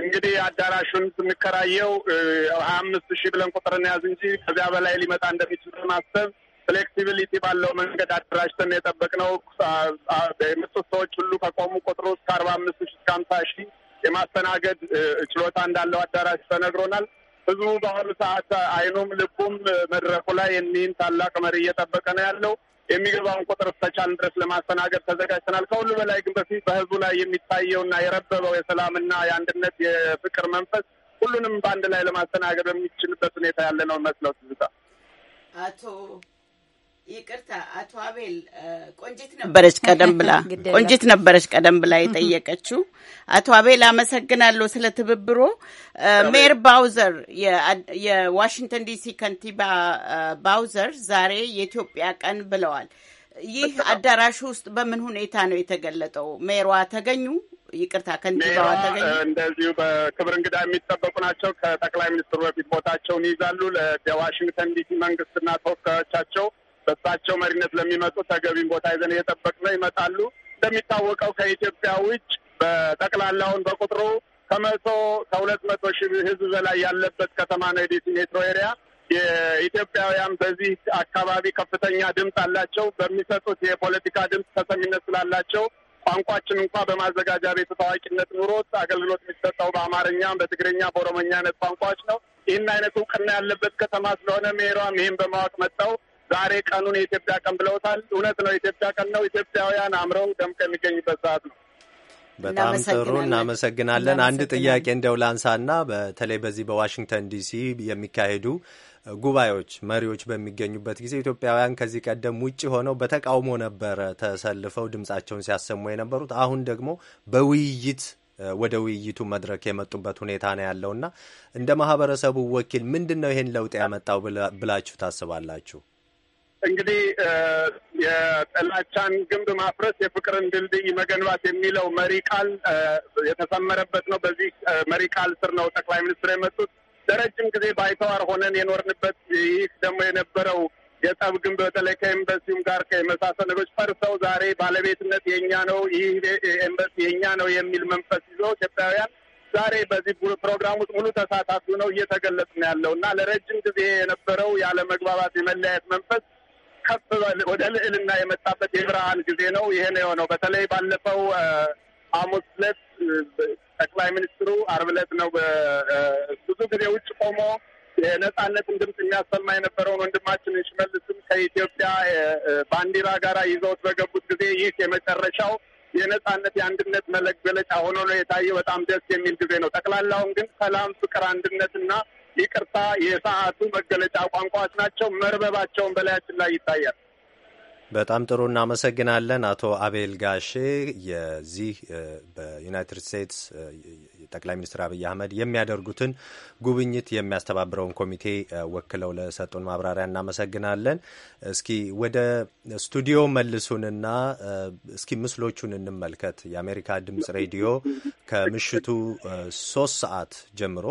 እንግዲህ አዳራሹን ስንከራየው ሀያ አምስት ሺህ ብለን ቁጥር ያዝ እንጂ ከዚያ በላይ ሊመጣ እንደሚችል ማሰብ ፍሌክሲቢሊቲ ባለው መንገድ አደራጅተን የጠበቅነው የመጡት ሰዎች ሁሉ ከቆሙ ቁጥሩ እስከ አርባ አምስት ሺህ እስከ ሀምሳ ሺህ የማስተናገድ ችሎታ እንዳለው አዳራሽ ተነግሮናል። ህዝቡ በአሁኑ ሰዓት አይኑም ልቡም መድረኩ ላይ እኒህን ታላቅ መሪ እየጠበቀ ነው ያለው። የሚገባውን ቁጥር እስከቻልን ድረስ ለማስተናገድ ተዘጋጅተናል። ከሁሉ በላይ ግን በፊት በህዝቡ ላይ የሚታየውና የረበበው የሰላምና የአንድነት የፍቅር መንፈስ ሁሉንም በአንድ ላይ ለማስተናገድ በሚችልበት ሁኔታ ያለ ነው መስለው ትዝታ አቶ ይቅርታ አቶ አቤል ቆንጂት ነበረች ቀደም ብላ ቆንጂት ነበረች ቀደም ብላ የጠየቀችው። አቶ አቤል አመሰግናለሁ ስለ ትብብሮ። ሜር ባውዘር የዋሽንግተን ዲሲ ከንቲባ ባውዘር ዛሬ የኢትዮጵያ ቀን ብለዋል። ይህ አዳራሽ ውስጥ በምን ሁኔታ ነው የተገለጠው? ሜሯ ተገኙ? ይቅርታ ከንቲባዋ ተገኙ። እንደዚሁ በክብር እንግዳ የሚጠበቁ ናቸው። ከጠቅላይ ሚኒስትሩ በፊት ቦታቸውን ይይዛሉ። ለዋሽንግተን ዲሲ መንግስትና ተወካዮቻቸው በሳቸው መሪነት ለሚመጡ ተገቢን ቦታ ይዘን እየጠበቅነው ይመጣሉ። እንደሚታወቀው ከኢትዮጵያ ውጭ በጠቅላላውን በቁጥሩ ከመቶ ከሁለት መቶ ሺህ ህዝብ በላይ ያለበት ከተማ ነው የዲሲ ሜትሮ ኤሪያ። የኢትዮጵያውያን በዚህ አካባቢ ከፍተኛ ድምፅ አላቸው። በሚሰጡት የፖለቲካ ድምፅ ተሰሚነት ስላላቸው ቋንቋችን እንኳ በማዘጋጃ ቤቱ ታዋቂነት ኑሮት አገልግሎት የሚሰጠው በአማርኛ፣ በትግርኛ፣ በኦሮሞኛ አይነት ቋንቋዎች ነው። ይህን አይነት እውቅና ያለበት ከተማ ስለሆነ ሜሯም ይህን በማወቅ መጣው ዛሬ ቀኑን የኢትዮጵያ ቀን ብለውታል። እውነት ነው፣ የኢትዮጵያ ቀን ነው። ኢትዮጵያውያን አምረው ደምቀ የሚገኙበት ሰዓት ነው። በጣም ጥሩ እናመሰግናለን። አንድ ጥያቄ እንደው ላንሳና በተለይ በዚህ በዋሽንግተን ዲሲ የሚካሄዱ ጉባኤዎች መሪዎች በሚገኙበት ጊዜ ኢትዮጵያውያን ከዚህ ቀደም ውጭ ሆነው በተቃውሞ ነበረ ተሰልፈው ድምጻቸውን ሲያሰሙ የነበሩት። አሁን ደግሞ በውይይት ወደ ውይይቱ መድረክ የመጡበት ሁኔታ ነው ያለውና እንደ ማህበረሰቡ ወኪል ምንድን ነው ይሄን ለውጥ ያመጣው ብላችሁ ታስባላችሁ? እንግዲህ የጥላቻን ግንብ ማፍረስ የፍቅርን ድልድይ መገንባት የሚለው መሪ ቃል የተሰመረበት ነው። በዚህ መሪ ቃል ስር ነው ጠቅላይ ሚኒስትር የመጡት። ለረጅም ጊዜ ባይተዋር ሆነን የኖርንበት ይህ ደግሞ የነበረው የጠብ ግንብ በተለይ ከኤምባሲውም ጋር ከመሳሰል ነገሮች ፈርሰው ዛሬ ባለቤትነት የኛ ነው፣ ይህ ኤምባሲ የእኛ ነው የሚል መንፈስ ይዞ ኢትዮጵያውያን ዛሬ በዚህ ፕሮግራም ውስጥ ሙሉ ተሳታፊ ነው እየተገለጽ ነው ያለው እና ለረጅም ጊዜ የነበረው ያለመግባባት የመለያየት መንፈስ ከፍ ወደ ልዕልና የመጣበት የብርሃን ጊዜ ነው። ይህን የሆነው በተለይ ባለፈው ሐሙስ ዕለት ጠቅላይ ሚኒስትሩ አርብ ዕለት ነው ብዙ ጊዜ ውጭ ቆሞ የነጻነትን ድምፅ የሚያሰማ የነበረውን ወንድማችን ሽመልስም ከኢትዮጵያ ባንዲራ ጋራ ይዘውት በገቡት ጊዜ ይህ የመጨረሻው የነጻነት የአንድነት መገለጫ ሆኖ ነው የታየው። በጣም ደስ የሚል ጊዜ ነው። ጠቅላላውን ግን ሰላም፣ ፍቅር፣ አንድነትና ይቅርታ የሰዓቱ መገለጫ ቋንቋዎች ናቸው። መርበባቸውን በላያችን ላይ ይታያል። በጣም ጥሩ እናመሰግናለን። አቶ አቤል ጋሼ የዚህ በዩናይትድ ስቴትስ ጠቅላይ ሚኒስትር አብይ አህመድ የሚያደርጉትን ጉብኝት የሚያስተባብረውን ኮሚቴ ወክለው ለሰጡን ማብራሪያ እናመሰግናለን። እስኪ ወደ ስቱዲዮ መልሱንና እስኪ ምስሎቹን እንመልከት። የአሜሪካ ድምጽ ሬዲዮ ከምሽቱ ሶስት ሰዓት ጀምሮ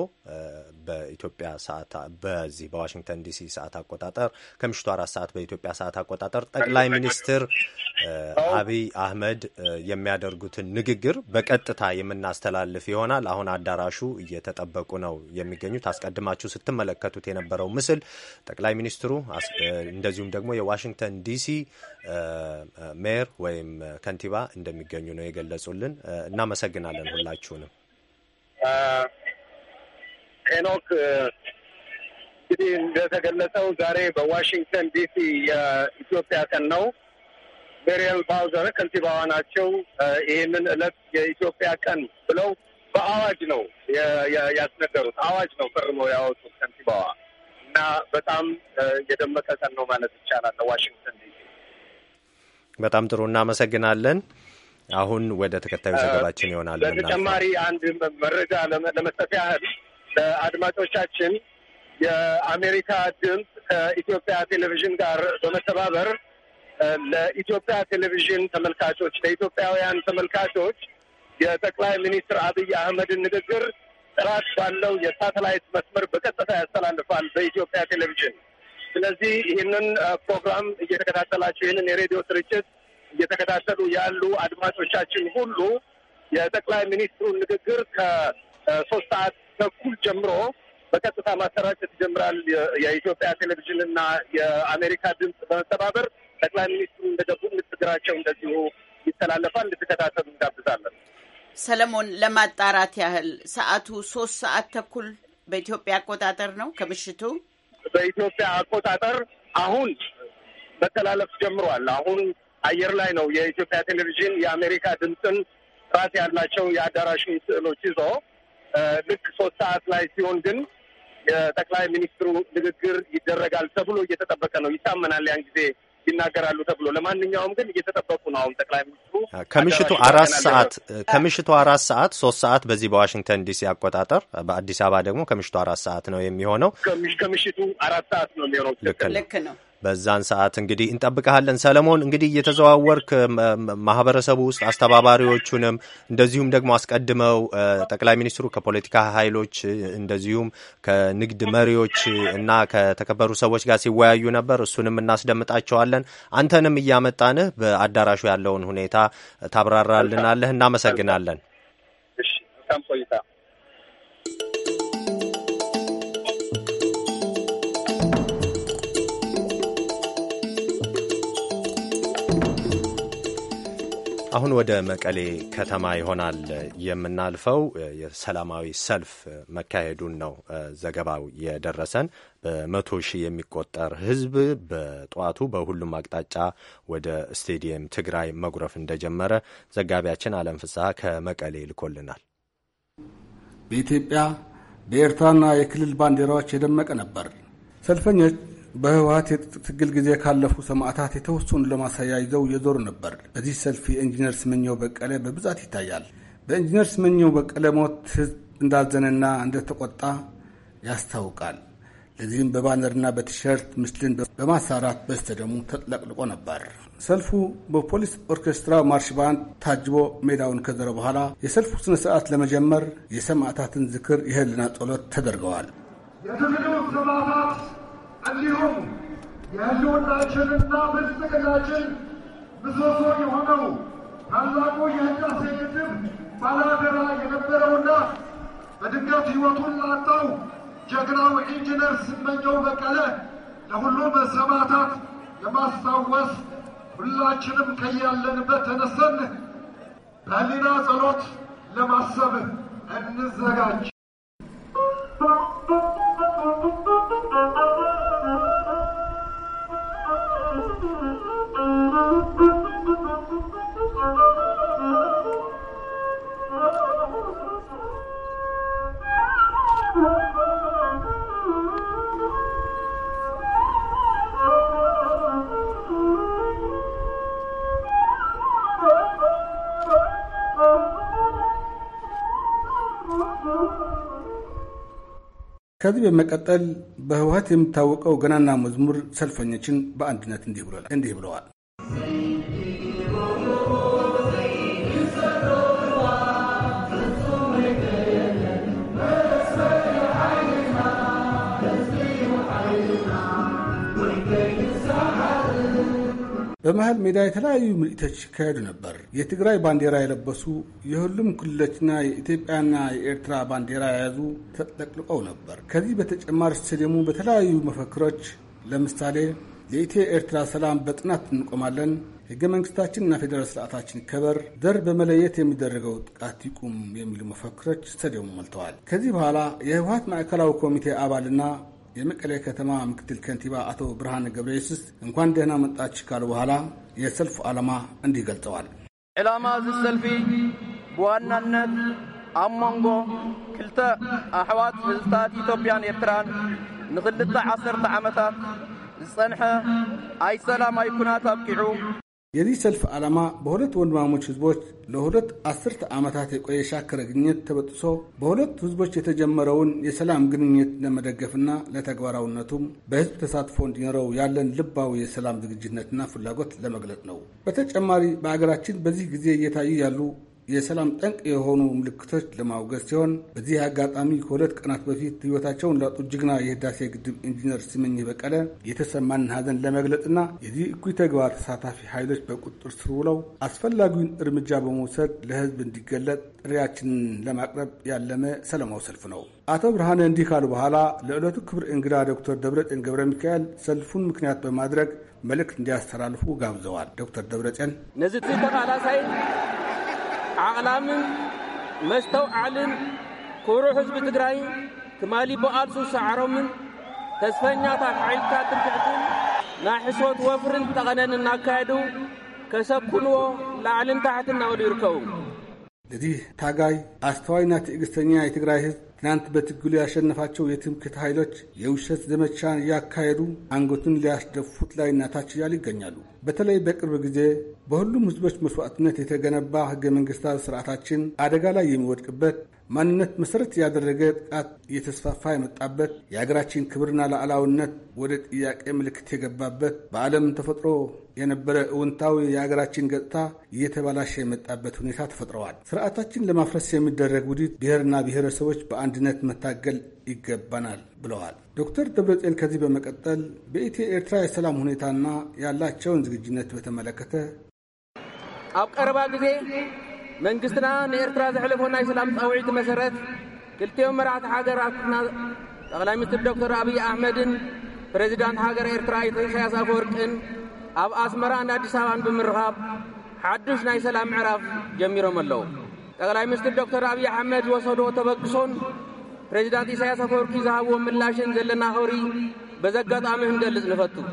በኢትዮጵያ ሰዓት በዚህ በዋሽንግተን ዲሲ ሰዓት አቆጣጠር ከምሽቱ አራት ሰዓት በኢትዮጵያ ሰዓት አቆጣጠር ጠቅላይ ሚኒስትር አብይ አህመድ የሚያደርጉትን ንግግር በቀጥታ የምናስተላልፍ ይሆናል። አሁን አዳራሹ እየተጠበቁ ነው የሚገኙት። አስቀድማችሁ ስትመለከቱት የነበረው ምስል ጠቅላይ ሚኒስትሩ እንደዚሁም ደግሞ የዋሽንግተን ዲሲ ሜየር ወይም ከንቲባ እንደሚገኙ ነው የገለጹልን። እናመሰግናለን ሁላችሁንም። ሄኖክ እንግዲህ እንደተገለጸው ዛሬ በዋሽንግተን ዲሲ የኢትዮጵያ ቀን ነው። ቤሪየል ባውዘር ከንቲባዋ ናቸው። ይህንን ዕለት የኢትዮጵያ ቀን ብለው በአዋጅ ነው ያስነገሩት። አዋጅ ነው ፈርሞ ያወጡት ከንቲባዋ እና በጣም የደመቀ ቀን ነው ማለት ይቻላል ዋሽንግተን ዲሲ። በጣም ጥሩ እናመሰግናለን። አሁን ወደ ተከታዩ ዘገባችን ይሆናል። በተጨማሪ አንድ መረጃ ለመስጠት ያህል ለአድማጮቻችን የአሜሪካ ድምፅ ከኢትዮጵያ ቴሌቪዥን ጋር በመተባበር ለኢትዮጵያ ቴሌቪዥን ተመልካቾች ለኢትዮጵያውያን ተመልካቾች የጠቅላይ ሚኒስትር አብይ አህመድን ንግግር ጥራት ባለው የሳተላይት መስመር በቀጥታ ያስተላልፋል በኢትዮጵያ ቴሌቪዥን። ስለዚህ ይህንን ፕሮግራም እየተከታተላችሁ ይህንን የሬዲዮ ስርጭት እየተከታተሉ ያሉ አድማጮቻችን ሁሉ የጠቅላይ ሚኒስትሩን ንግግር ከሶስት ሰዓት ተኩል ጀምሮ በቀጥታ ማሰራጨት ይጀምራል። የኢትዮጵያ ቴሌቪዥን እና የአሜሪካ ድምፅ በመተባበር ጠቅላይ ሚኒስትሩ እንደገቡ ንግግራቸው እንደዚሁ ይተላለፋል። እንድትከታተሉ እንጋብዛለን። ሰለሞን፣ ለማጣራት ያህል ሰዓቱ ሶስት ሰዓት ተኩል በኢትዮጵያ አቆጣጠር ነው ከምሽቱ በኢትዮጵያ አቆጣጠር አሁን መተላለፍ ጀምሯል። አሁን አየር ላይ ነው። የኢትዮጵያ ቴሌቪዥን የአሜሪካ ድምፅን ጥራት ያላቸው የአዳራሹን ስዕሎች ይዞ ልክ ሶስት ሰዓት ላይ ሲሆን ግን የጠቅላይ ሚኒስትሩ ንግግር ይደረጋል ተብሎ እየተጠበቀ ነው። ይታመናል ያን ጊዜ ይናገራሉ ተብሎ ለማንኛውም ግን እየተጠበቁ ነው። አሁን ጠቅላይ ሚኒስትሩ ከምሽቱ አራት ሰዓት ከምሽቱ አራት ሰዓት ሶስት ሰዓት በዚህ በዋሽንግተን ዲሲ አቆጣጠር በአዲስ አበባ ደግሞ ከምሽቱ አራት ሰዓት ነው የሚሆነው። ከምሽቱ አራት ሰዓት ነው የሚሆነው። ልክ ነው። በዛን ሰዓት እንግዲህ እንጠብቀሃለን። ሰለሞን እንግዲህ እየተዘዋወርክ ማህበረሰቡ ውስጥ አስተባባሪዎቹንም እንደዚሁም ደግሞ አስቀድመው ጠቅላይ ሚኒስትሩ ከፖለቲካ ኃይሎች እንደዚሁም ከንግድ መሪዎች እና ከተከበሩ ሰዎች ጋር ሲወያዩ ነበር። እሱንም እናስደምጣቸዋለን። አንተንም እያመጣንህ በአዳራሹ ያለውን ሁኔታ ታብራራልናለህ። እናመሰግናለን። እሺ፣ ቆይታ አሁን ወደ መቀሌ ከተማ ይሆናል የምናልፈው። የሰላማዊ ሰልፍ መካሄዱን ነው ዘገባው የደረሰን። በመቶ ሺህ የሚቆጠር ሕዝብ በጠዋቱ በሁሉም አቅጣጫ ወደ ስቴዲየም ትግራይ መጉረፍ እንደጀመረ ዘጋቢያችን አለም ፍስሐ ከመቀሌ ልኮልናል። በኢትዮጵያ በኤርትራና የክልል ባንዲራዎች የደመቀ ነበር። ሰልፈኞች በህወሀት የትጥቅ ትግል ጊዜ ካለፉ ሰማዕታት የተወሰኑ ለማሳያ ይዘው የዞሩ ነበር። በዚህ ሰልፍ የኢንጂነር ስመኘው በቀለ በብዛት ይታያል። በኢንጂነር ስመኘው በቀለ ሞት ህዝብ እንዳዘነና እንደተቆጣ ያስታውቃል። ለዚህም በባነርና በቲሸርት ምስልን በማሰራት በስተደሙ ተጥለቅልቆ ነበር። ሰልፉ በፖሊስ ኦርኬስትራ ማርሽ ባንድ ታጅቦ ሜዳውን ከዘረ በኋላ የሰልፉ ስነ ስርዓት ለመጀመር የሰማዕታትን ዝክር የህልና ጸሎት ተደርገዋል። እንዲሁም የህልውናችንና ብልጽግናችን ምሰሶ የሆነው ታላቁ የህዳሴ ግድብ ባላደራ የነበረውና በድንገት ህይወቱን ላጣው ጀግናው ኢንጂነር ስመኘው በቀለ ለሁሉም ሰማዕታት ለማስታወስ ሁላችንም ከያለንበት ተነሰን በህሊና ጸሎት ለማሰብ እንዘጋጅ። ከዚህ በመቀጠል በህወሀት የሚታወቀው ገናና መዝሙር ሰልፈኞችን በአንድነት እንዲህ ብለዋል። በመሀል ሜዳ የተለያዩ ምልኢቶች ይካሄዱ ነበር። የትግራይ ባንዲራ የለበሱ የሁሉም ክልሎችና የኢትዮጵያና የኤርትራ ባንዲራ የያዙ ተጠቅልቀው ነበር። ከዚህ በተጨማሪ ስታዲየሙ በተለያዩ መፈክሮች ለምሳሌ የኢትዮ ኤርትራ ሰላም በጥናት እንቆማለን፣ ህገ መንግስታችንና ፌዴራል ስርዓታችን ከበር፣ ዘር በመለየት የሚደረገው ጥቃት ይቁም የሚሉ መፈክሮች ስታዲየሙ ሞልተዋል። ከዚህ በኋላ የህወሀት ማዕከላዊ ኮሚቴ አባልና የመቀሌ ከተማ ምክትል ከንቲባ አቶ ብርሃነ ገብረየሱስ እንኳን ደህና መጣች ካሉ በኋላ የሰልፍ ዓላማ እንዲህ ገልጸዋል። ዕላማ እዚ ሰልፊ ብዋናነት ኣብ መንጎ ክልተ ኣሕዋት ህዝብታት ኢትዮጵያን ኤርትራን ንኽልተ ዓሰርተ ዓመታት ዝጸንሐ ኣይሰላማይ ኩናት ኣብቂዑ የዚህ ሰልፍ ዓላማ በሁለት ወንድማሞች ህዝቦች ለሁለት አስርተ ዓመታት የቆየ ሻከረ ግንኙነት ተበጥሶ በሁለት ህዝቦች የተጀመረውን የሰላም ግንኙነት ለመደገፍና ለተግባራዊነቱም በህዝብ ተሳትፎ እንዲኖረው ያለን ልባዊ የሰላም ዝግጅነትና ፍላጎት ለመግለጥ ነው። በተጨማሪ በአገራችን በዚህ ጊዜ እየታዩ ያሉ የሰላም ጠንቅ የሆኑ ምልክቶች ለማውገዝ ሲሆን በዚህ አጋጣሚ ከሁለት ቀናት በፊት ሕይወታቸውን ላጡ ጅግና የህዳሴ ግድብ ኢንጂነር ስመኝህ በቀለ የተሰማን ሀዘን ለመግለጽና የዚህ እኩይ ተግባር ተሳታፊ ኃይሎች በቁጥጥር ስር ውለው አስፈላጊውን እርምጃ በመውሰድ ለህዝብ እንዲገለጥ ጥሪያችንን ለማቅረብ ያለመ ሰለማው ሰልፍ ነው። አቶ ብርሃነ እንዲህ ካሉ በኋላ ለዕለቱ ክብር እንግዳ ዶክተር ደብረጤን ገብረ ሚካኤል ሰልፉን ምክንያት በማድረግ መልእክት እንዲያስተላልፉ ጋብዘዋል። ዶክተር ነዚህ ነዚ ዓቕላምን መስተውዓልን ክብሩ ህዝቢ ትግራይ ትማሊ ብቓልሱ ሰዕሮምን ተስፈኛታት ዓይልካ ትንትዕትን ናይ ሕሶት ወፍርን ተቐነን እናካየዱ ከሰብኩንዎ ላዕልን ታሕትን እናበሉ ይርከቡ እዚ ታጋይ ኣስተዋይና ትዕግስተኛ ናይ ትግራይ ህዝብ ትናንት በትግሉ ያሸነፋቸው የትምክህት ኃይሎች የውሸት ዘመቻን እያካሄዱ አንገቱን ሊያስደፉት ላይና ታች እያሉ ይገኛሉ። በተለይ በቅርብ ጊዜ በሁሉም ህዝቦች መስዋዕትነት የተገነባ ህገ መንግስታዊ ስርዓታችን አደጋ ላይ የሚወድቅበት ማንነት መሰረት ያደረገ ጥቃት እየተስፋፋ የመጣበት የሀገራችን ክብርና ሉዓላዊነት ወደ ጥያቄ ምልክት የገባበት በዓለም ተፈጥሮ የነበረ እውንታዊ የሀገራችን ገጽታ እየተበላሸ የመጣበት ሁኔታ ተፈጥረዋል። ስርዓታችን ለማፍረስ የሚደረግ ውዲት ብሔርና ብሔረሰቦች በአንድነት መታገል ይገባናል ብለዋል ዶክተር ደብረጽዮን። ከዚህ በመቀጠል በኢትዮ ኤርትራ የሰላም ሁኔታና ያላቸውን ዝግጁነት በተመለከተ አብ ቀረባ ጊዜ من منجستنا نيرترا زحلفو ناي سلام صاوعيت مسرت كلتيوم مرات حاجر عطنا أغلب مثل دكتور أبي أحمد بريزيدان حاجر إيرترا يتن سياسة فوركن أب أسمرا نادي سوان بمرحب حدش ناي سلام عرف جميرو ملو أغلب مثل دكتور أبي أحمد وصدو تبكسون بريزيدان تي سياسة فوركي زهابو ملاشن زلنا هوري بزقت أمهن دلس نفتو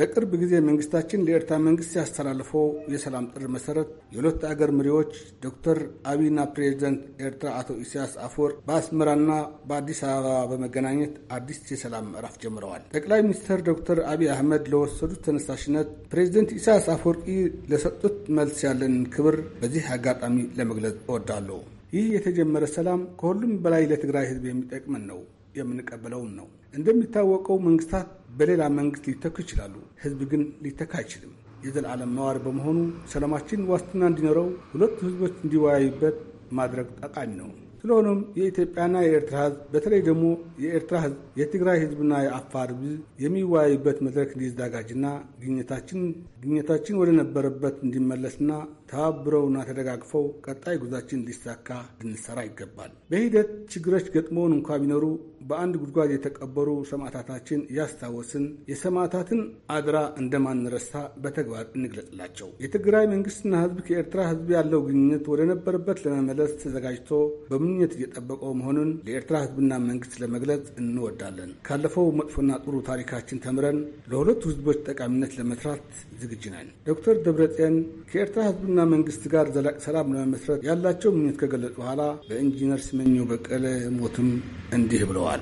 በቅርብ ጊዜ መንግስታችን ለኤርትራ መንግስት ያስተላልፈው የሰላም ጥሪ መሰረት የሁለት አገር መሪዎች ዶክተር አብይና ፕሬዚደንት ኤርትራ አቶ ኢሳያስ አፈወርቅ በአስመራና በአዲስ አበባ በመገናኘት አዲስ የሰላም ምዕራፍ ጀምረዋል። ጠቅላይ ሚኒስትር ዶክተር አብይ አህመድ ለወሰዱት ተነሳሽነት ፕሬዚደንት ኢሳያስ አፈወርቂ ለሰጡት መልስ ያለን ክብር በዚህ አጋጣሚ ለመግለጽ እወዳለሁ። ይህ የተጀመረ ሰላም ከሁሉም በላይ ለትግራይ ሕዝብ የሚጠቅምን ነው። የምንቀበለውን ነው። እንደሚታወቀው መንግስታት በሌላ መንግስት ሊተኩ ይችላሉ። ህዝብ ግን ሊተካ አይችልም። የዘላለም ነዋሪ በመሆኑ ሰላማችን ዋስትና እንዲኖረው ሁለቱ ህዝቦች እንዲወያዩበት ማድረግ ጠቃሚ ነው። ስለሆነም የኢትዮጵያና የኤርትራ ህዝብ በተለይ ደግሞ የኤርትራ ህዝብ የትግራይ ህዝብና የአፋር ህዝብ የሚወያዩበት መድረክ እንዲዘጋጅና ግኝታችን ግኝታችን ወደ ነበረበት እንዲመለስና ተባብረውና ተደጋግፈው ቀጣይ ጉዟችን እንዲሳካ ልንሰራ ይገባል። በሂደት ችግሮች ገጥሞን እንኳ ቢኖሩ በአንድ ጉድጓድ የተቀበሩ ሰማዕታታችን ያስታወስን የሰማዕታትን አድራ እንደማንረሳ በተግባር እንግለጽላቸው። የትግራይ መንግስትና ህዝብ ከኤርትራ ህዝብ ያለው ግንኙነት ወደ ነበረበት ለመመለስ ተዘጋጅቶ በምኞት እየጠበቀው መሆኑን ለኤርትራ ህዝብና መንግስት ለመግለጽ እንወዳለን። ካለፈው መጥፎና ጥሩ ታሪካችን ተምረን ለሁለቱ ህዝቦች ጠቃሚነት ለመስራት ዝግጅ ነን። ዶክተር ደብረጽዮን ከኤርትራ ህዝብ ከህዝብና መንግስት ጋር ዘላቂ ሰላም ለመመስረት ያላቸው ምኞት ከገለጹ በኋላ በኢንጂነር ስመኘው በቀለ ሞትም እንዲህ ብለዋል።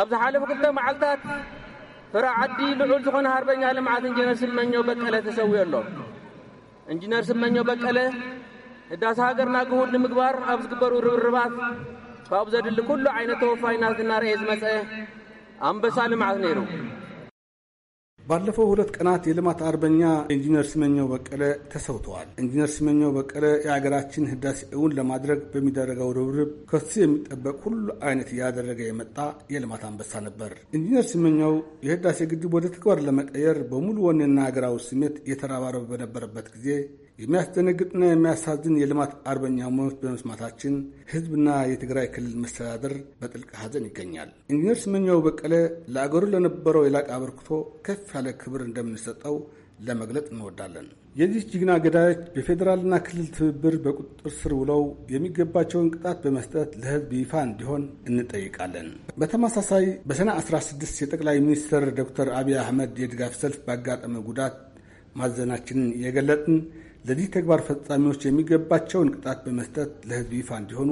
ኣብዚ ሓለፉ ክልተ መዓልታት ፍራ ዓዲ ልዑል ዝኾነ ሃርበኛ ልምዓት እንጂነር ስመኘው በቀለ ተሰዊዩ ኣሎ እንጂነር ስመኘው በቀለ ህዳሴ ሃገርና ግሁድ ንምግባር ኣብ ዝግበሩ ርብርባት ካብኡ ዘድሊ ኩሉ ዓይነት ተወፋይናት እናርአየ ዝመፀ ኣንበሳ ልምዓት ነይሩ ባለፈው ሁለት ቀናት የልማት አርበኛ ኢንጂነር ስመኘው በቀለ ተሰውተዋል። ኢንጂነር ስመኘው በቀለ የሀገራችን ህዳሴ እውን ለማድረግ በሚደረገው ርብርብ ከሱ የሚጠበቅ ሁሉ አይነት እያደረገ የመጣ የልማት አንበሳ ነበር። ኢንጂነር ስመኘው የህዳሴ ግድብ ወደ ተግባር ለመቀየር በሙሉ ወኔና ሀገራዊ ስሜት የተረባረበ በነበረበት ጊዜ የሚያስደነግጥና የሚያሳዝን የልማት አርበኛ ሞት በመስማታችን ህዝብና የትግራይ ክልል መስተዳደር በጥልቅ ሐዘን ይገኛል። ኢንጂነር ስመኛው በቀለ ለአገሩ ለነበረው የላቀ አበርክቶ ከፍ ያለ ክብር እንደምንሰጠው ለመግለጽ እንወዳለን። የዚህ ጅግና ገዳዮች በፌዴራልና ክልል ትብብር በቁጥጥር ስር ውለው የሚገባቸውን ቅጣት በመስጠት ለህዝብ ይፋ እንዲሆን እንጠይቃለን። በተመሳሳይ በሰኔ 16 የጠቅላይ ሚኒስትር ዶክተር አብይ አህመድ የድጋፍ ሰልፍ ባጋጠመ ጉዳት ማዘናችንን የገለጥን ለዚህ ተግባር ፈጻሚዎች የሚገባቸውን ቅጣት በመስጠት ለሕዝብ ይፋ እንዲሆኑ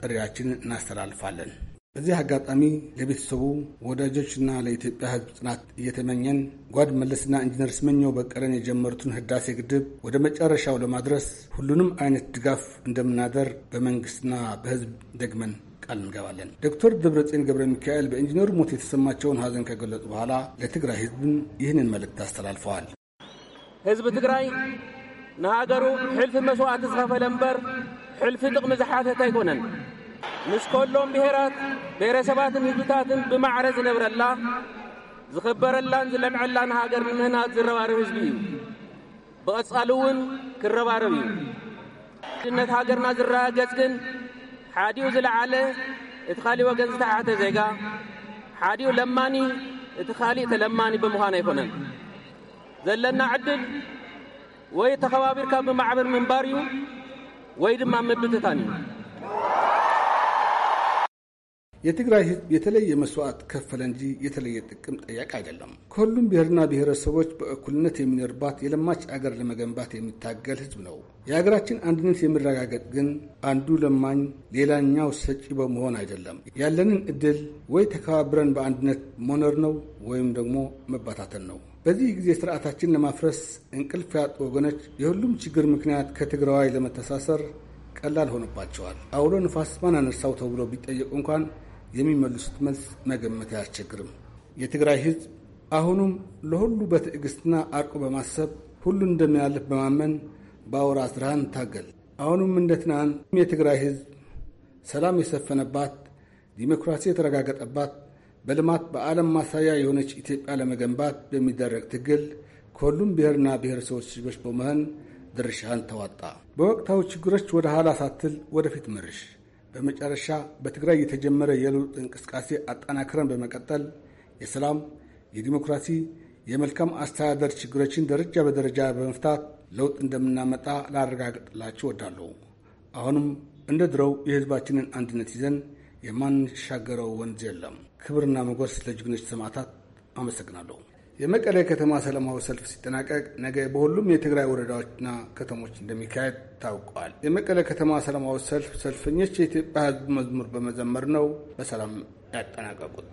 ጥሪያችንን እናስተላልፋለን። በዚህ አጋጣሚ ለቤተሰቡ ወዳጆችና ለኢትዮጵያ ሕዝብ ጽናት እየተመኘን ጓድ መለስና ኢንጂነር ስመኘው በቀለን የጀመሩትን ህዳሴ ግድብ ወደ መጨረሻው ለማድረስ ሁሉንም አይነት ድጋፍ እንደምናደር በመንግስትና በሕዝብ ደግመን ቃል እንገባለን። ዶክተር ደብረጽዮን ገብረ ሚካኤል በኢንጂነሩ ሞት የተሰማቸውን ሀዘን ከገለጹ በኋላ ለትግራይ ሕዝብም ይህንን መልእክት አስተላልፈዋል። ሕዝብ ትግራይ نهاجروا حلف مسوات صفا لمبر حلف دقم زحافة تيكونن نسكولون بهرات بيرسبات مجبتات بمعرز نبر الله زخبر الله انزل لمع الله نهاجر من هنا زروار وزبيو بأسألون كروار وزبيو جنة هاجرنا زرها قسكن حاديو زل على اتخالي وقز تحت زيقا حاديو لماني اتخالي تلماني بمخانا يكونن زلنا عدل ወይ ተኸባቢር ካብ ምንባር እዩ ወይ ድማ ምብትታን እዩ የትግራይ ህዝብ የተለየ መስዋዕት ከፈለ እንጂ የተለየ ጥቅም ጠያቂ አይደለም። ከሁሉም ብሔርና ብሔረሰቦች በእኩልነት የሚኖርባት የለማች አገር ለመገንባት የሚታገል ህዝብ ነው። የሀገራችን አንድነት የሚረጋገጥ ግን አንዱ ለማኝ ሌላኛው ሰጪ በመሆን አይደለም። ያለንን እድል ወይ ተከባብረን በአንድነት መኖር ነው ወይም ደግሞ መባታተን ነው። በዚህ ጊዜ ስርዓታችን ለማፍረስ እንቅልፍ ያጡ ወገኖች የሁሉም ችግር ምክንያት ከትግራዋይ ለመተሳሰር ቀላል ሆኖባቸዋል። አውሎ ንፋስ ማን አነሳው ተብሎ ቢጠየቁ እንኳን የሚመልሱት መልስ መገመት አያስቸግርም። የትግራይ ህዝብ አሁኑም ለሁሉ በትዕግስትና አርቆ በማሰብ ሁሉን እንደሚያልፍ በማመን በአውራ ስርሃን ታገል። አሁኑም እንደ ትናንት የትግራይ ህዝብ ሰላም የሰፈነባት ዲሞክራሲ የተረጋገጠባት በልማት በዓለም ማሳያ የሆነች ኢትዮጵያ ለመገንባት በሚደረግ ትግል ከሁሉም ብሔርና ብሔረሰቦች ሕዝቦች በመሆን ድርሻህን ተዋጣ። በወቅታዊ ችግሮች ወደ ኋላ ሳትል ወደፊት ምርሽ። በመጨረሻ በትግራይ የተጀመረ የለውጥ እንቅስቃሴ አጠናክረን በመቀጠል የሰላም፣ የዲሞክራሲ፣ የመልካም አስተዳደር ችግሮችን ደረጃ በደረጃ በመፍታት ለውጥ እንደምናመጣ ላረጋግጥላችሁ እወዳለሁ። አሁንም እንደ ድሮው የህዝባችንን አንድነት ይዘን የማንሻገረው ወንዝ የለም። ክብርና መጎስ ለጀግኖች ሰማዕታት አመሰግናለሁ። የመቀለ ከተማ ሰላማዊ ሰልፍ ሲጠናቀቅ ነገ በሁሉም የትግራይ ወረዳዎችና ከተሞች እንደሚካሄድ ታውቀዋል። የመቀለ ከተማ ሰላማዊ ሰልፍ ሰልፈኞች የኢትዮጵያ ሕዝብ መዝሙር በመዘመር ነው በሰላም ያጠናቀቁት።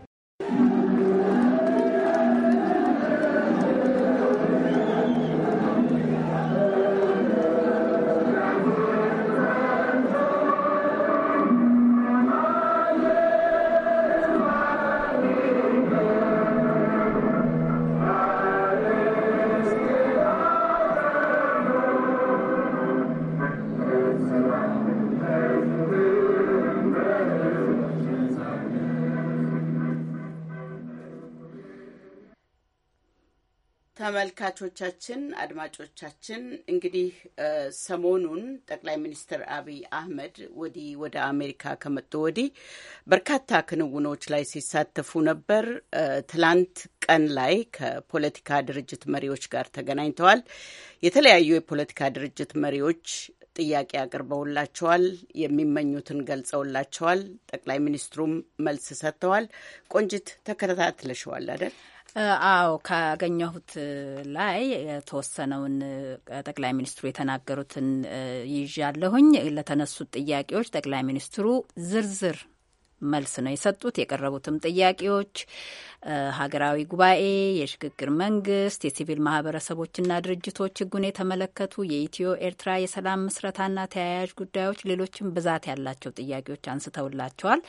ተመልካቾቻችን፣ አድማጮቻችን እንግዲህ ሰሞኑን ጠቅላይ ሚኒስትር አብይ አህመድ ወዲህ ወደ አሜሪካ ከመጡ ወዲህ በርካታ ክንውኖች ላይ ሲሳተፉ ነበር። ትላንት ቀን ላይ ከፖለቲካ ድርጅት መሪዎች ጋር ተገናኝተዋል። የተለያዩ የፖለቲካ ድርጅት መሪዎች ጥያቄ አቅርበውላቸዋል። የሚመኙትን ገልጸውላቸዋል። ጠቅላይ ሚኒስትሩም መልስ ሰጥተዋል። ቆንጅት ተከታትለሸዋል አይደል? አዎ ካገኘሁት ላይ የተወሰነውን ጠቅላይ ሚኒስትሩ የተናገሩትን ይዣለሁኝ። ለተነሱት ጥያቄዎች ጠቅላይ ሚኒስትሩ ዝርዝር መልስ ነው የሰጡት። የቀረቡትም ጥያቄዎች ሀገራዊ ጉባኤ፣ የሽግግር መንግስት፣ የሲቪል ማህበረሰቦችና ድርጅቶች ህጉን የተመለከቱ የኢትዮ ኤርትራ የሰላም ምስረታና ተያያዥ ጉዳዮች፣ ሌሎችም ብዛት ያላቸው ጥያቄዎች አንስተውላቸዋል።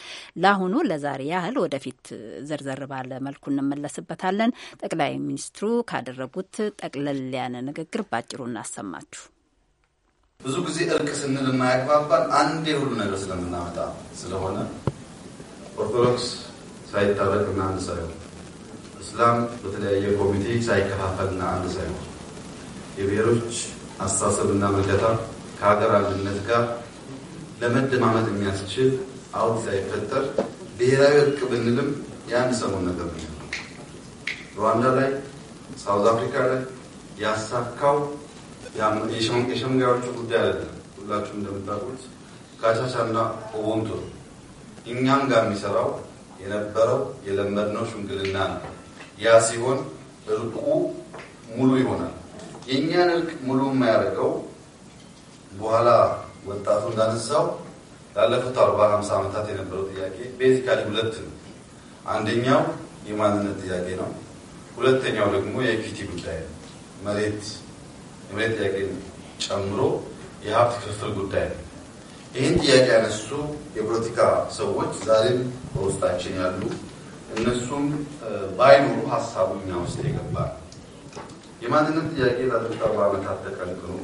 ለአሁኑ ለዛሬ ያህል ወደፊት ዘርዘር ባለ መልኩ እንመለስበታለን። ጠቅላይ ሚኒስትሩ ካደረጉት ጠቅለል ያለ ንግግር ባጭሩ እናሰማችሁ። ብዙ ጊዜ እርቅ ስንል የማያግባባን አንድ የሁሉ ነገር ስለምናመጣ ስለሆነ ኦርቶዶክስ ሳይታረቅና አንድ ሳይሆን፣ እስላም በተለያየ ኮሚቴ ሳይከፋፈልና አንድ ሳይሆን፣ የብሔሮች አስተሳሰብና ምልከታ ከሀገር አንድነት ጋር ለመደማመጥ የሚያስችል አውድ ሳይፈጠር ብሔራዊ እርቅ ብንልም የአንድ ሰሞን ነገር ነው። ሩዋንዳ ላይ፣ ሳውዝ አፍሪካ ላይ ያሳካው የሸምጋዮቹ ጉዳይ አይደለም። ሁላችሁም እንደምታውቁት ካቻቻና ኦቦምቶ ነው። እኛም ጋር የሚሰራው የነበረው የለመድነው ሽምግልና ነው። ያ ሲሆን እርቁ ሙሉ ይሆናል። የእኛን እርቅ ሙሉ የማያደርገው በኋላ ወጣቱ እንዳነሳው ላለፉት አርባ ሃምሳ ዓመታት የነበረው ጥያቄ ቤዚካሊ ሁለት ነው። አንደኛው የማንነት ጥያቄ ነው። ሁለተኛው ደግሞ የኢኩዊቲ ጉዳይ ነው። መሬት የመሬት ጥያቄ ጨምሮ የሀብት ክፍፍል ጉዳይ ነው። ይህን ጥያቄ ያነሱ የፖለቲካ ሰዎች ዛሬም በውስጣችን ያሉ እነሱም ባይኖሩ ሀሳቡ እኛ ውስጥ የገባ የማንነት ጥያቄ ላለፉት አርባ ዓመታት ተቀንቅኖ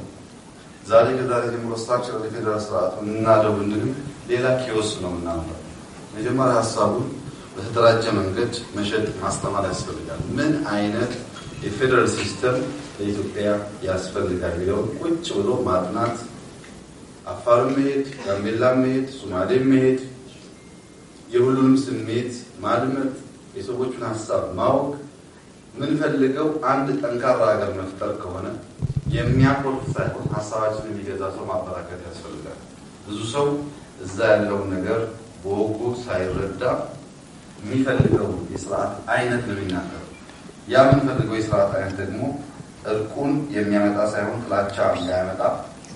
ዛሬ ከዛሬ ጀምሮ ስትራክቸር የፌዴራል ስርዓቱ እናደው ብንልም ሌላ ኬዎስ ነው የምናመጣው። መጀመሪያ ሀሳቡን በተደራጀ መንገድ መሸጥ ማስተማር ያስፈልጋል። ምን አይነት የፌዴራል ሲስተም ለኢትዮጵያ ያስፈልጋል የሚለውን ቁጭ ብሎ ማጥናት አፋር መሄድ፣ ጋምቤላ መሄድ፣ ሶማሌ መሄድ፣ የሁሉንም ስሜት ማድመጥ፣ የሰዎቹን ሀሳብ ማወቅ ምንፈልገው አንድ ጠንካራ ሀገር መፍጠር ከሆነ የሚያኮርፍ ሳይሆን ሀሳባችን የሚገዛ ሰው ማበራከት ያስፈልጋል። ብዙ ሰው እዛ ያለውን ነገር በወጉ ሳይረዳ የሚፈልገው የስርዓት አይነት ነው የሚናገረው። ያ የምንፈልገው የስርዓት አይነት ደግሞ እርቁን የሚያመጣ ሳይሆን ጥላቻ እንዳያመጣ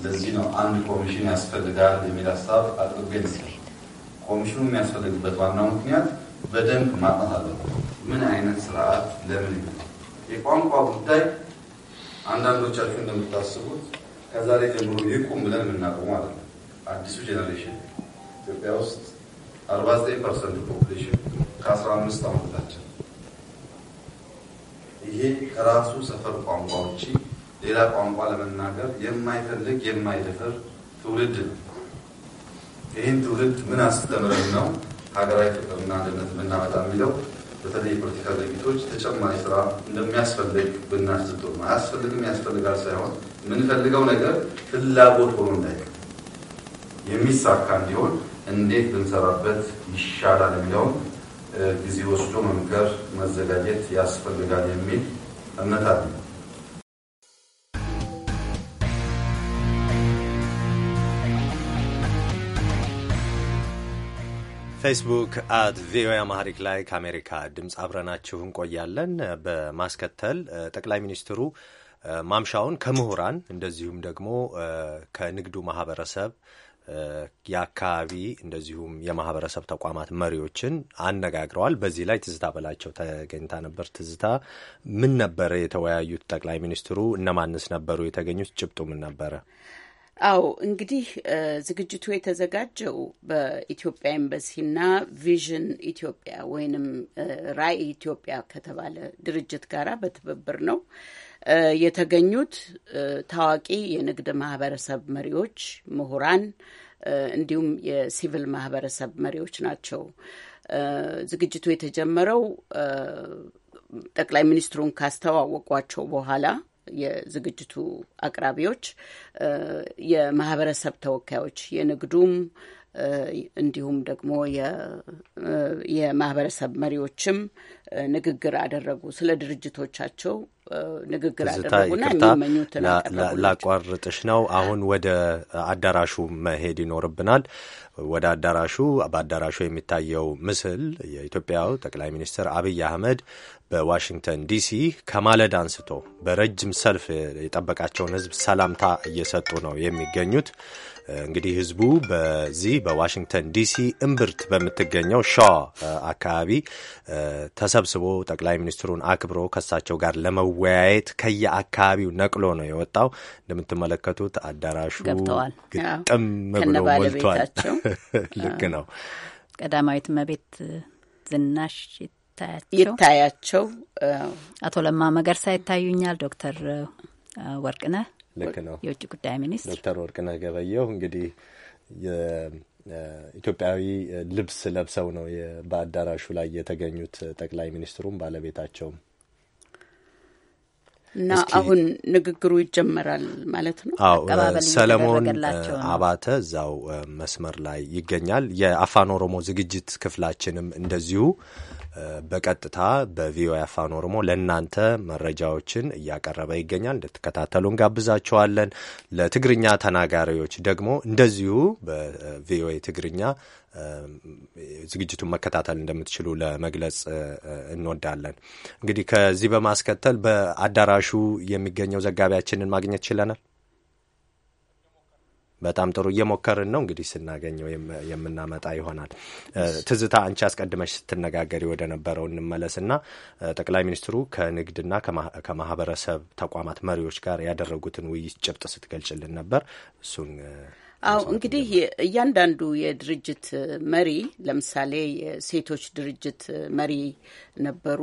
ለዚህ ነው አንድ ኮሚሽን ያስፈልጋል የሚል ሀሳብ አቅርቤ ነበር። ኮሚሽኑ የሚያስፈልግበት ዋናው ምክንያት በደንብ ማጣት አለበት። ምን አይነት ስርዓት ለምን የቋንቋ ጉዳይ አንዳንዶቻችሁ እንደምታስቡት ከዛሬ ጀምሮ ይቁም ብለን የምናቆሙ አለ። አዲሱ ጄኔሬሽን ኢትዮጵያ ውስጥ 49 ፐርሰንት ፖፑሌሽን ከ15 ዓመት ይሄ ከራሱ ሰፈር ቋንቋ ሌላ ቋንቋ ለመናገር የማይፈልግ የማይደፍር ትውልድ ነው። ይህን ትውልድ ምን አስተምረን ነው ሀገራዊ ፍቅርና አንድነት የምናመጣ የሚለው በተለይ የፖለቲካ ድርጊቶች ተጨማሪ ስራ እንደሚያስፈልግ ብናስቶ አያስፈልግም ያስፈልጋል ሳይሆን የምንፈልገው ነገር ፍላጎት ሆኖ እንዳይ የሚሳካ እንዲሆን እንዴት ብንሰራበት ይሻላል የሚለውን ጊዜ ወስዶ መምከር መዘጋጀት ያስፈልጋል የሚል እምነት አለ። ፌስቡክ አት ቪኦኤ አማሪክ ላይ ከአሜሪካ ድምፅ አብረናችሁ እንቆያለን። በማስከተል ጠቅላይ ሚኒስትሩ ማምሻውን ከምሁራን እንደዚሁም ደግሞ ከንግዱ ማህበረሰብ የአካባቢ እንደዚሁም የማህበረሰብ ተቋማት መሪዎችን አነጋግረዋል። በዚህ ላይ ትዝታ በላቸው ተገኝታ ነበር። ትዝታ፣ ምን ነበረ የተወያዩት ጠቅላይ ሚኒስትሩ? እነማንስ ነበሩ የተገኙት? ጭብጡ ምን ነበረ? አዎ እንግዲህ ዝግጅቱ የተዘጋጀው በኢትዮጵያ ኤምባሲና ቪዥን ኢትዮጵያ ወይንም ራዕይ ኢትዮጵያ ከተባለ ድርጅት ጋር በትብብር ነው የተገኙት። ታዋቂ የንግድ ማህበረሰብ መሪዎች፣ ምሁራን እንዲሁም የሲቪል ማህበረሰብ መሪዎች ናቸው። ዝግጅቱ የተጀመረው ጠቅላይ ሚኒስትሩን ካስተዋወቋቸው በኋላ የዝግጅቱ አቅራቢዎች የማህበረሰብ ተወካዮች የንግዱም እንዲሁም ደግሞ የማህበረሰብ መሪዎችም ንግግር አደረጉ። ስለ ድርጅቶቻቸው ንግግር አደረጉና የሚመኙትን ላቋርጥሽ ነው። አሁን ወደ አዳራሹ መሄድ ይኖርብናል። ወደ አዳራሹ በአዳራሹ የሚታየው ምስል የኢትዮጵያው ጠቅላይ ሚኒስትር አብይ አህመድ በዋሽንግተን ዲሲ ከማለዳ አንስቶ በረጅም ሰልፍ የጠበቃቸውን ህዝብ ሰላምታ እየሰጡ ነው የሚገኙት። እንግዲህ ህዝቡ በዚህ በዋሽንግተን ዲሲ እምብርት በምትገኘው ሸዋ አካባቢ ተሰብስቦ ጠቅላይ ሚኒስትሩን አክብሮ ከሳቸው ጋር ለመወያየት ከየአካባቢው ነቅሎ ነው የወጣው። እንደምትመለከቱት አዳራሹ ግጥም ብሎ ሞልቷል። ልክ ነው። ቀዳማዊት እመቤት ዝናሽ ይታያቸው ይታያቸው አቶ ለማ መገርሳ ይታዩኛል። ዶክተር ወርቅነህ ልክ ነው የውጭ ጉዳይ ሚኒስትር ዶክተር ወርቅነህ ገበየሁ እንግዲህ ኢትዮጵያዊ ልብስ ለብሰው ነው በአዳራሹ ላይ የተገኙት ጠቅላይ ሚኒስትሩም ባለቤታቸውም። እና አሁን ንግግሩ ይጀመራል ማለት ነው። ሰለሞን አባተ እዛው መስመር ላይ ይገኛል። የአፋን ኦሮሞ ዝግጅት ክፍላችንም እንደዚሁ በቀጥታ በቪኦኤ አፋን ኦሮሞ ለእናንተ መረጃዎችን እያቀረበ ይገኛል። እንድትከታተሉ እንጋብዛችኋለን። ለትግርኛ ተናጋሪዎች ደግሞ እንደዚሁ በቪኦኤ ትግርኛ ዝግጅቱን መከታተል እንደምትችሉ ለመግለጽ እንወዳለን። እንግዲህ ከዚህ በማስከተል በአዳራሹ የሚገኘው ዘጋቢያችንን ማግኘት ችለናል። በጣም ጥሩ እየሞከርን ነው እንግዲህ ስናገኘው የምናመጣ ይሆናል። ትዝታ አንቺ አስቀድመሽ ስትነጋገሪ ወደ ነበረው እንመለስና ጠቅላይ ሚኒስትሩ ከንግድና ከማህበረሰብ ተቋማት መሪዎች ጋር ያደረጉትን ውይይት ጭብጥ ስትገልጭልን ነበር እሱን አዎ እንግዲህ እያንዳንዱ የድርጅት መሪ ለምሳሌ የሴቶች ድርጅት መሪ ነበሩ።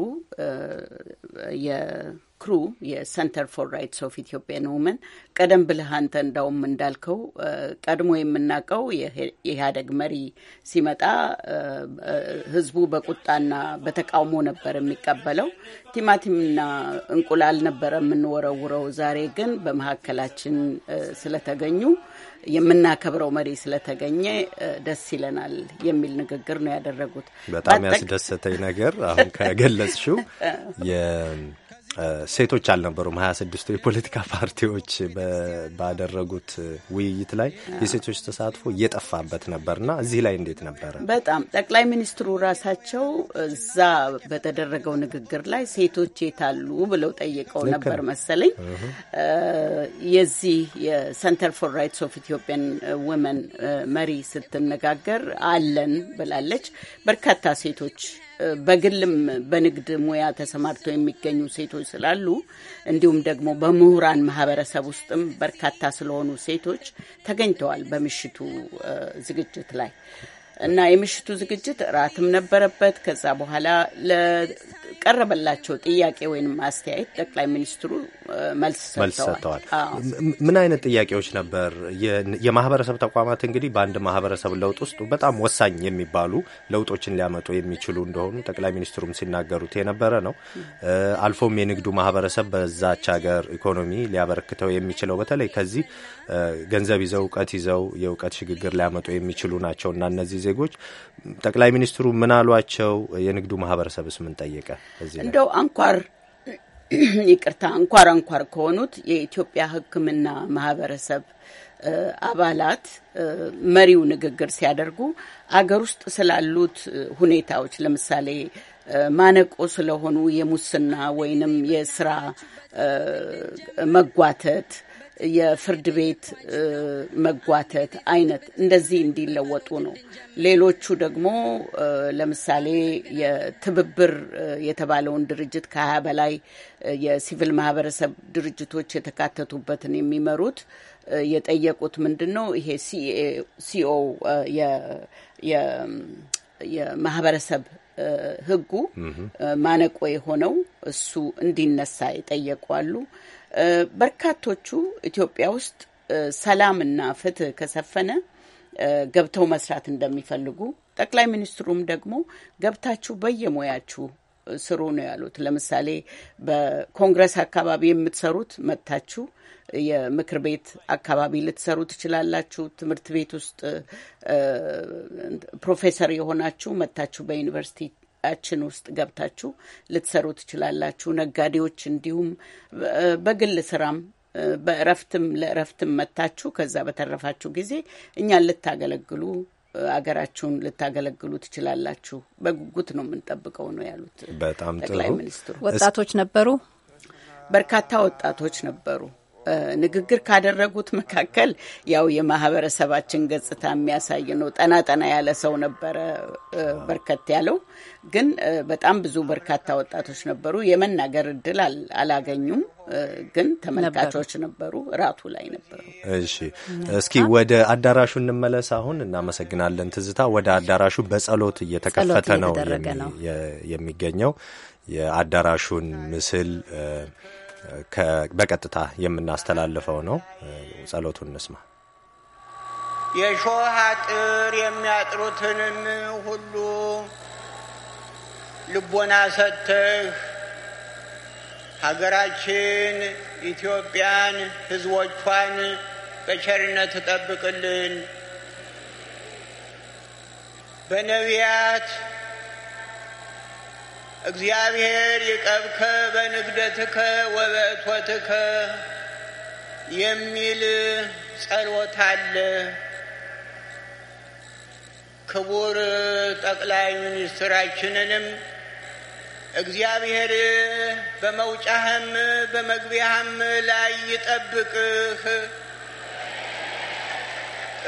የክሩ የሰንተር ፎር ራይትስ ኦፍ ኢትዮጵያን ውመን ቀደም ብለህ አንተ እንዳውም እንዳልከው ቀድሞ የምናውቀው የኢህአደግ መሪ ሲመጣ ህዝቡ በቁጣና በተቃውሞ ነበር የሚቀበለው። ቲማቲምና እንቁላል ነበረ የምንወረውረው። ዛሬ ግን በመካከላችን ስለተገኙ የምናከብረው መሪ ስለተገኘ ደስ ይለናል የሚል ንግግር ነው ያደረጉት። በጣም ያስደሰተኝ ነገር አሁን ከገለጽሽው ሴቶች አልነበሩም። ሀያ ስድስቱ የፖለቲካ ፓርቲዎች ባደረጉት ውይይት ላይ የሴቶች ተሳትፎ እየጠፋበት ነበርና እዚህ ላይ እንዴት ነበረ? በጣም ጠቅላይ ሚኒስትሩ ራሳቸው እዛ በተደረገው ንግግር ላይ ሴቶች የታሉ ብለው ጠይቀው ነበር መሰለኝ። የዚህ የሰንተር ፎር ራይትስ ኦፍ ኢትዮጵያን ወመን መሪ ስትነጋገር አለን ብላለች። በርካታ ሴቶች በግልም በንግድ ሙያ ተሰማርተው የሚገኙ ሴቶች ስላሉ እንዲሁም ደግሞ በምሁራን ማህበረሰብ ውስጥም በርካታ ስለሆኑ ሴቶች ተገኝተዋል በምሽቱ ዝግጅት ላይ እና የምሽቱ ዝግጅት እራትም ነበረበት። ከዛ በኋላ ለቀረበላቸው ጥያቄ ወይም አስተያየት ጠቅላይ ሚኒስትሩ መልስ ሰጥተዋል። ምን አይነት ጥያቄዎች ነበር? የማህበረሰብ ተቋማት እንግዲህ በአንድ ማህበረሰብ ለውጥ ውስጥ በጣም ወሳኝ የሚባሉ ለውጦችን ሊያመጡ የሚችሉ እንደሆኑ ጠቅላይ ሚኒስትሩም ሲናገሩት የነበረ ነው። አልፎም የንግዱ ማህበረሰብ በዛች ሀገር ኢኮኖሚ ሊያበረክተው የሚችለው በተለይ ከዚህ ገንዘብ ይዘው እውቀት ይዘው የእውቀት ሽግግር ሊያመጡ የሚችሉ ናቸው እና እነዚህ ዜጎች ጠቅላይ ሚኒስትሩ ምን አሏቸው? የንግዱ ማህበረሰብስ ምን ጠየቀ? እንደው አንኳር ይቅርታ እንኳር አንኳር ከሆኑት የኢትዮጵያ ሕክምና ማህበረሰብ አባላት መሪው ንግግር ሲያደርጉ አገር ውስጥ ስላሉት ሁኔታዎች ለምሳሌ ማነቆ ስለሆኑ የሙስና ወይንም የስራ መጓተት የፍርድ ቤት መጓተት አይነት እንደዚህ እንዲለወጡ ነው። ሌሎቹ ደግሞ ለምሳሌ የትብብር የተባለውን ድርጅት ከሀያ በላይ የሲቪል ማህበረሰብ ድርጅቶች የተካተቱበትን የሚመሩት የጠየቁት ምንድን ነው ይሄ ሲኦ የማህበረሰብ ህጉ ማነቆ የሆነው እሱ እንዲነሳ የጠየቋሉ። በርካቶቹ ኢትዮጵያ ውስጥ ሰላምና ፍትህ ከሰፈነ ገብተው መስራት እንደሚፈልጉ ጠቅላይ ሚኒስትሩም ደግሞ ገብታችሁ በየሙያችሁ ስሩ ነው ያሉት። ለምሳሌ በኮንግረስ አካባቢ የምትሰሩት መጥታችሁ የምክር ቤት አካባቢ ልትሰሩ ትችላላችሁ። ትምህርት ቤት ውስጥ ፕሮፌሰር የሆናችሁ መጥታችሁ በዩኒቨርሲቲ ችን ውስጥ ገብታችሁ ልትሰሩ ትችላላችሁ። ነጋዴዎች፣ እንዲሁም በግል ስራም በእረፍትም ለእረፍትም መታችሁ ከዛ በተረፋችሁ ጊዜ እኛን ልታገለግሉ አገራችሁን ልታገለግሉ ትችላላችሁ። በጉጉት ነው የምንጠብቀው ነው ያሉት በጣም ጠቅላይ ሚኒስትሩ። ወጣቶች ነበሩ፣ በርካታ ወጣቶች ነበሩ። ንግግር ካደረጉት መካከል ያው የማህበረሰባችን ገጽታ የሚያሳይ ነው። ጠና ጠና ያለ ሰው ነበረ በርከት ያለው ግን በጣም ብዙ በርካታ ወጣቶች ነበሩ። የመናገር እድል አላገኙም፣ ግን ተመልካቾች ነበሩ፣ እራቱ ላይ ነበሩ። እሺ፣ እስኪ ወደ አዳራሹ እንመለስ። አሁን እናመሰግናለን ትዝታ። ወደ አዳራሹ በጸሎት እየተከፈተ ነው የሚገኘው የአዳራሹን ምስል በቀጥታ የምናስተላልፈው ነው። ጸሎቱን እንስማ። የሾህ አጥር የሚያጥሩትንም ሁሉ ልቦና ሰጥተህ ሀገራችን ኢትዮጵያን ሕዝቦቿን በቸርነት እጠብቅልን። በነቢያት እግዚአብሔር ይቀብከ በንግደትከ ወበእቶትከ የሚል ጸሎት አለ። ክቡር ጠቅላይ ሚኒስትራችንንም እግዚአብሔር በመውጫህም በመግቢያህም ላይ ይጠብቅህ፣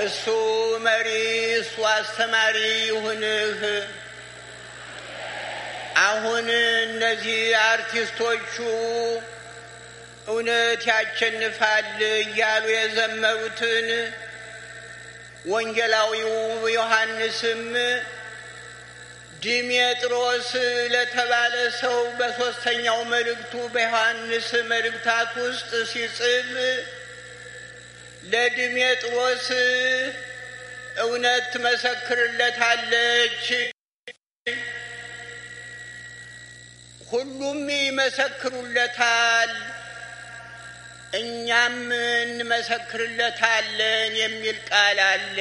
እሱ መሪ፣ እሱ አስተማሪ ይሁንህ አሁን እነዚህ አርቲስቶቹ እውነት ያሸንፋል እያሉ የዘመሩትን ወንጌላዊው ዮሐንስም ዲሜጥሮስ ለተባለ ሰው በሦስተኛው መልእክቱ በዮሐንስ መልእክታት ውስጥ ሲጽፍ ለዲሜጥሮስ እውነት ትመሰክርለታለች ሁሉም ይመሰክሩለታል፣ እኛም እንመሰክርለታለን የሚል ቃል አለ።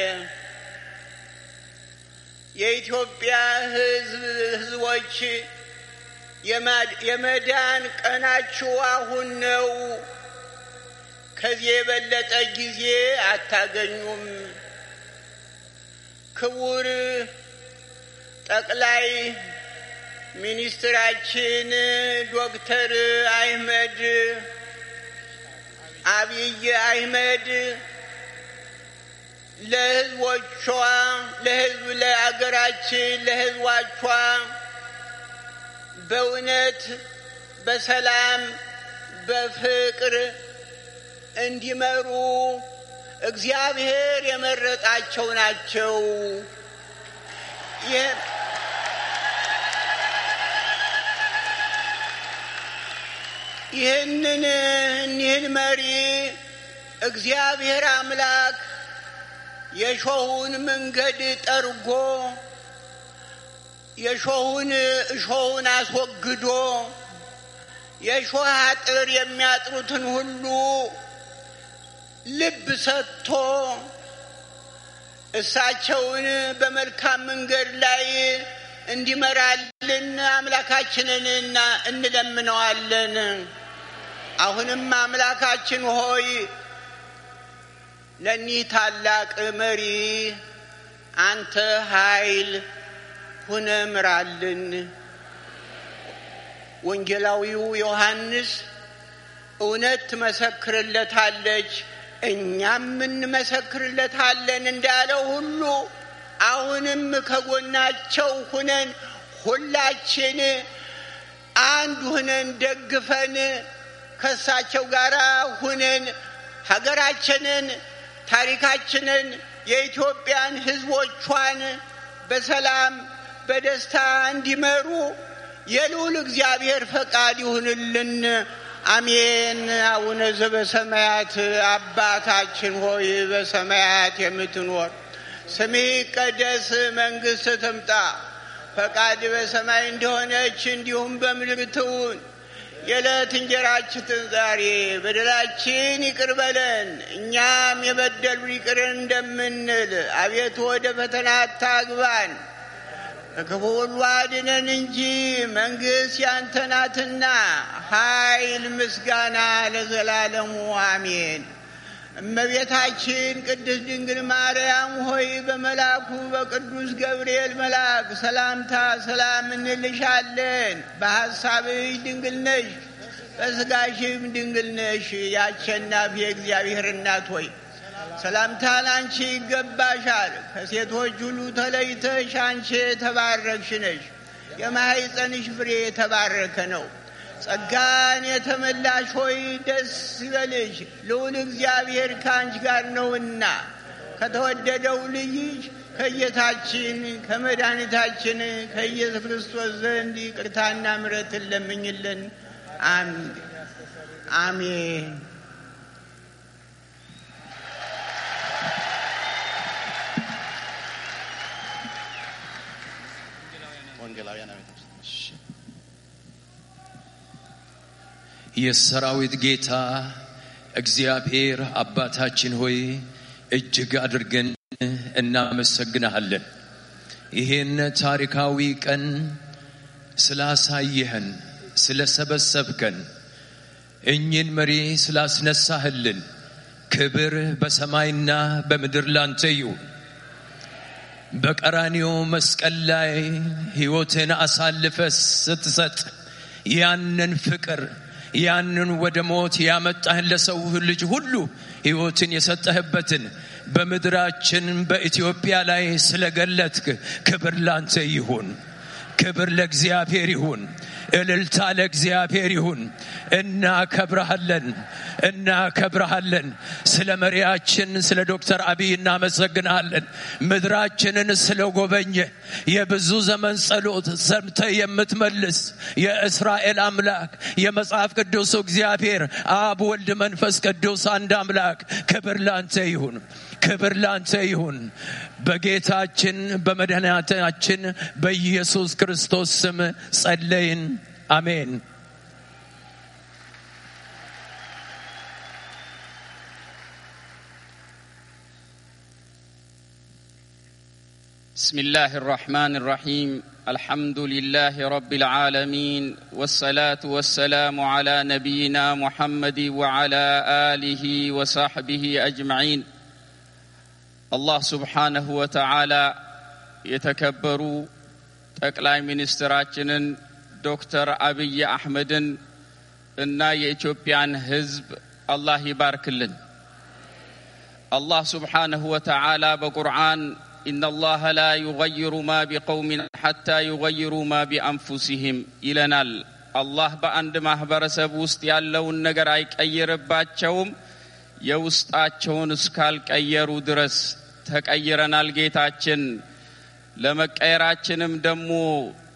የኢትዮጵያ ሕዝብ ሕዝቦች የመዳን ቀናችሁ አሁን ነው። ከዚህ የበለጠ ጊዜ አታገኙም። ክቡር ጠቅላይ ሚኒስትራችን ዶክተር አህመድ አብይ አህመድ ለህዝቦቿ ለህዝብ ለአገራችን ለህዝቧቿ በእውነት በሰላም በፍቅር እንዲመሩ እግዚአብሔር የመረጣቸው ናቸው። ይህንን እኒህን መሪ እግዚአብሔር አምላክ የሾሁን መንገድ ጠርጎ የሾሁን እሾሁን አስወግዶ የሾህ አጥር የሚያጥሩትን ሁሉ ልብ ሰጥቶ እሳቸውን በመልካም መንገድ ላይ እንዲመራልን አምላካችንን እንለምነዋለን። አሁንም አምላካችን ሆይ ለኒህ ታላቅ መሪ አንተ ኃይል ሁነ ምራልን። ወንጌላዊው ዮሐንስ እውነት ትመሰክርለታለች፣ እኛም እንመሰክርለታለን እንዳለው ሁሉ አሁንም ከጎናቸው ሁነን ሁላችን አንድ ሁነን ደግፈን ከእሳቸው ጋር ሁነን ሀገራችንን፣ ታሪካችንን፣ የኢትዮጵያን ሕዝቦቿን በሰላም በደስታ እንዲመሩ የልዑል እግዚአብሔር ፈቃድ ይሁንልን። አሜን። አቡነ ዘበሰማያት አባታችን ሆይ በሰማያት የምትኖር ስምህ ይቀደስ፣ መንግሥት ትምጣ፣ ፈቃድ በሰማይ እንደሆነች እንዲሁም በምድር ትሁን የዕለት እንጀራችንን ዛሬ በደላችን ይቅር በለን እኛም የበደሉ ይቅር እንደምንል። አቤቱ ወደ ፈተና አታግባን ከክፉ ሁሉ አድነን እንጂ መንግሥት ያንተ ናትና ኃይል፣ ምስጋና ለዘላለሙ አሜን። እመቤታችን ቅድስት ድንግል ማርያም ሆይ በመልአኩ በቅዱስ ገብርኤል መልአክ ሰላምታ ሰላም እንልሻለን። በሐሳብሽ ድንግል ነሽ፣ በሥጋሽም ድንግል ነሽ። የአሸናፊ የእግዚአብሔር እናት ሆይ ሰላምታ ላንቺ ይገባሻል። ከሴቶች ሁሉ ተለይተሽ አንቺ የተባረክሽ ነሽ። የማኅፀንሽ ፍሬ የተባረከ ነው። ጸጋን የተመላሽ ሆይ ደስ ይበልሽ፣ ልዑል እግዚአብሔር ከአንቺ ጋር ነውና ከተወደደው ልጅሽ ከጌታችን ከመድኃኒታችን ከኢየሱስ ክርስቶስ ዘንድ ይቅርታና ምሕረትን ለምኝልን። አሜን። ወንጌላውያን የሰራዊት ጌታ እግዚአብሔር አባታችን ሆይ እጅግ አድርገን እናመሰግናሃለን። ይሄን ታሪካዊ ቀን ስላሳየህን፣ ስለሰበሰብከን፣ እኝን መሪ ስላስነሳህልን ክብር በሰማይና በምድር ላንተ ይሁን። በቀራኒዮ መስቀል ላይ ሕይወትን አሳልፈ ስትሰጥ ያንን ፍቅር ያንን ወደ ሞት ያመጣህን ለሰው ልጅ ሁሉ ሕይወትን የሰጠህበትን በምድራችን በኢትዮጵያ ላይ ስለገለጥክ ክብር ላንተ ይሁን። ክብር ለእግዚአብሔር ይሁን። እልልታ ለእግዚአብሔር ይሁን። እናከብረሃለን፣ እናከብረሃለን። ስለ መሪያችን ስለ ዶክተር አብይ እናመሰግናለን። ምድራችንን ስለ ጎበኘ የብዙ ዘመን ጸሎት ሰምተ የምትመልስ የእስራኤል አምላክ የመጽሐፍ ቅዱስ እግዚአብሔር አብ፣ ወልድ፣ መንፈስ ቅዱስ አንድ አምላክ ክብር ላንተ ይሁን። ክብር ላንተ ይሁን በጌታችን በመድኃኒታችን በኢየሱስ ክርስቶስ ስም ጸለይን። አሜን። بسم الله الرحمن الرحيم الحمد لله رب العالمين والصلاة والسلام على نبينا محمد وعلى آله وصحبه أجمعين الله سبحانه وتعالى يتكبروا تكلاي منستراتشنن دكتور أبي أحمدن إن يتوبيان هزب الله يبارك لن الله سبحانه وتعالى بقرآن إن الله لا يغير ما بقوم حتى يغيروا ما بأنفسهم إلى نال الله بأند ما برسب لون نقر أي رباتشوم أي የውስጣቸውን እስካልቀየሩ ድረስ ተቀይረናል ጌታችን። ለመቀየራችንም ደግሞ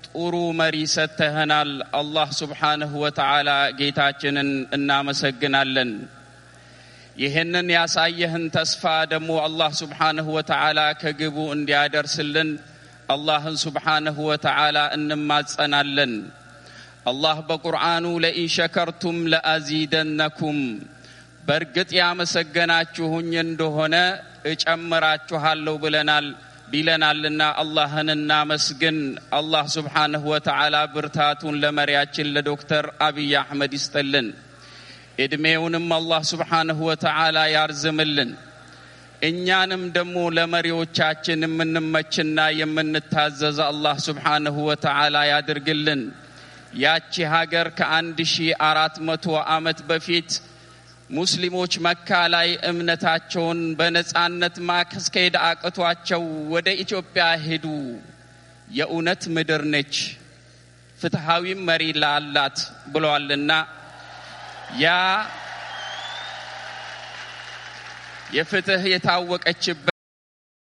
ጥሩ መሪ ሰጥተኸናል። አላህ ሱብሓነሁ ወተዓላ ጌታችንን እናመሰግናለን። ይህንን ያሳየህን ተስፋ ደግሞ አላህ ሱብሓነሁ ወተዓላ ከግቡ እንዲያደርስልን አላህን ሱብሓነሁ ወተዓላ እንማጸናለን። አላህ በቁርአኑ ለኢን ሸከርቱም ለአዚደነኩም በእርግጥ ያመሰገናችሁኝ እንደሆነ እጨምራችኋለሁ ብለናል ቢለናልና አላህን እናመስግን። አላህ ስብሓንሁ ወተዓላ ብርታቱን ለመሪያችን ለዶክተር አብይ አሕመድ ይስጥልን። ዕድሜውንም አላህ ስብሓንሁ ወተዓላ ያርዝምልን። እኛንም ደግሞ ለመሪዎቻችን የምንመችና የምንታዘዝ አላህ ስብሓንሁ ወተዓላ ያድርግልን። ያቺ ሀገር ከአንድ ሺ አራት መቶ ዓመት በፊት ሙስሊሞች መካ ላይ እምነታቸውን በነጻነት ማስኬድ አቅቷቸው ወደ ኢትዮጵያ ሄዱ። የእውነት ምድር ነች፣ ፍትሐዊም መሪ ላላት ብሏልና ያ የፍትህ የታወቀችበት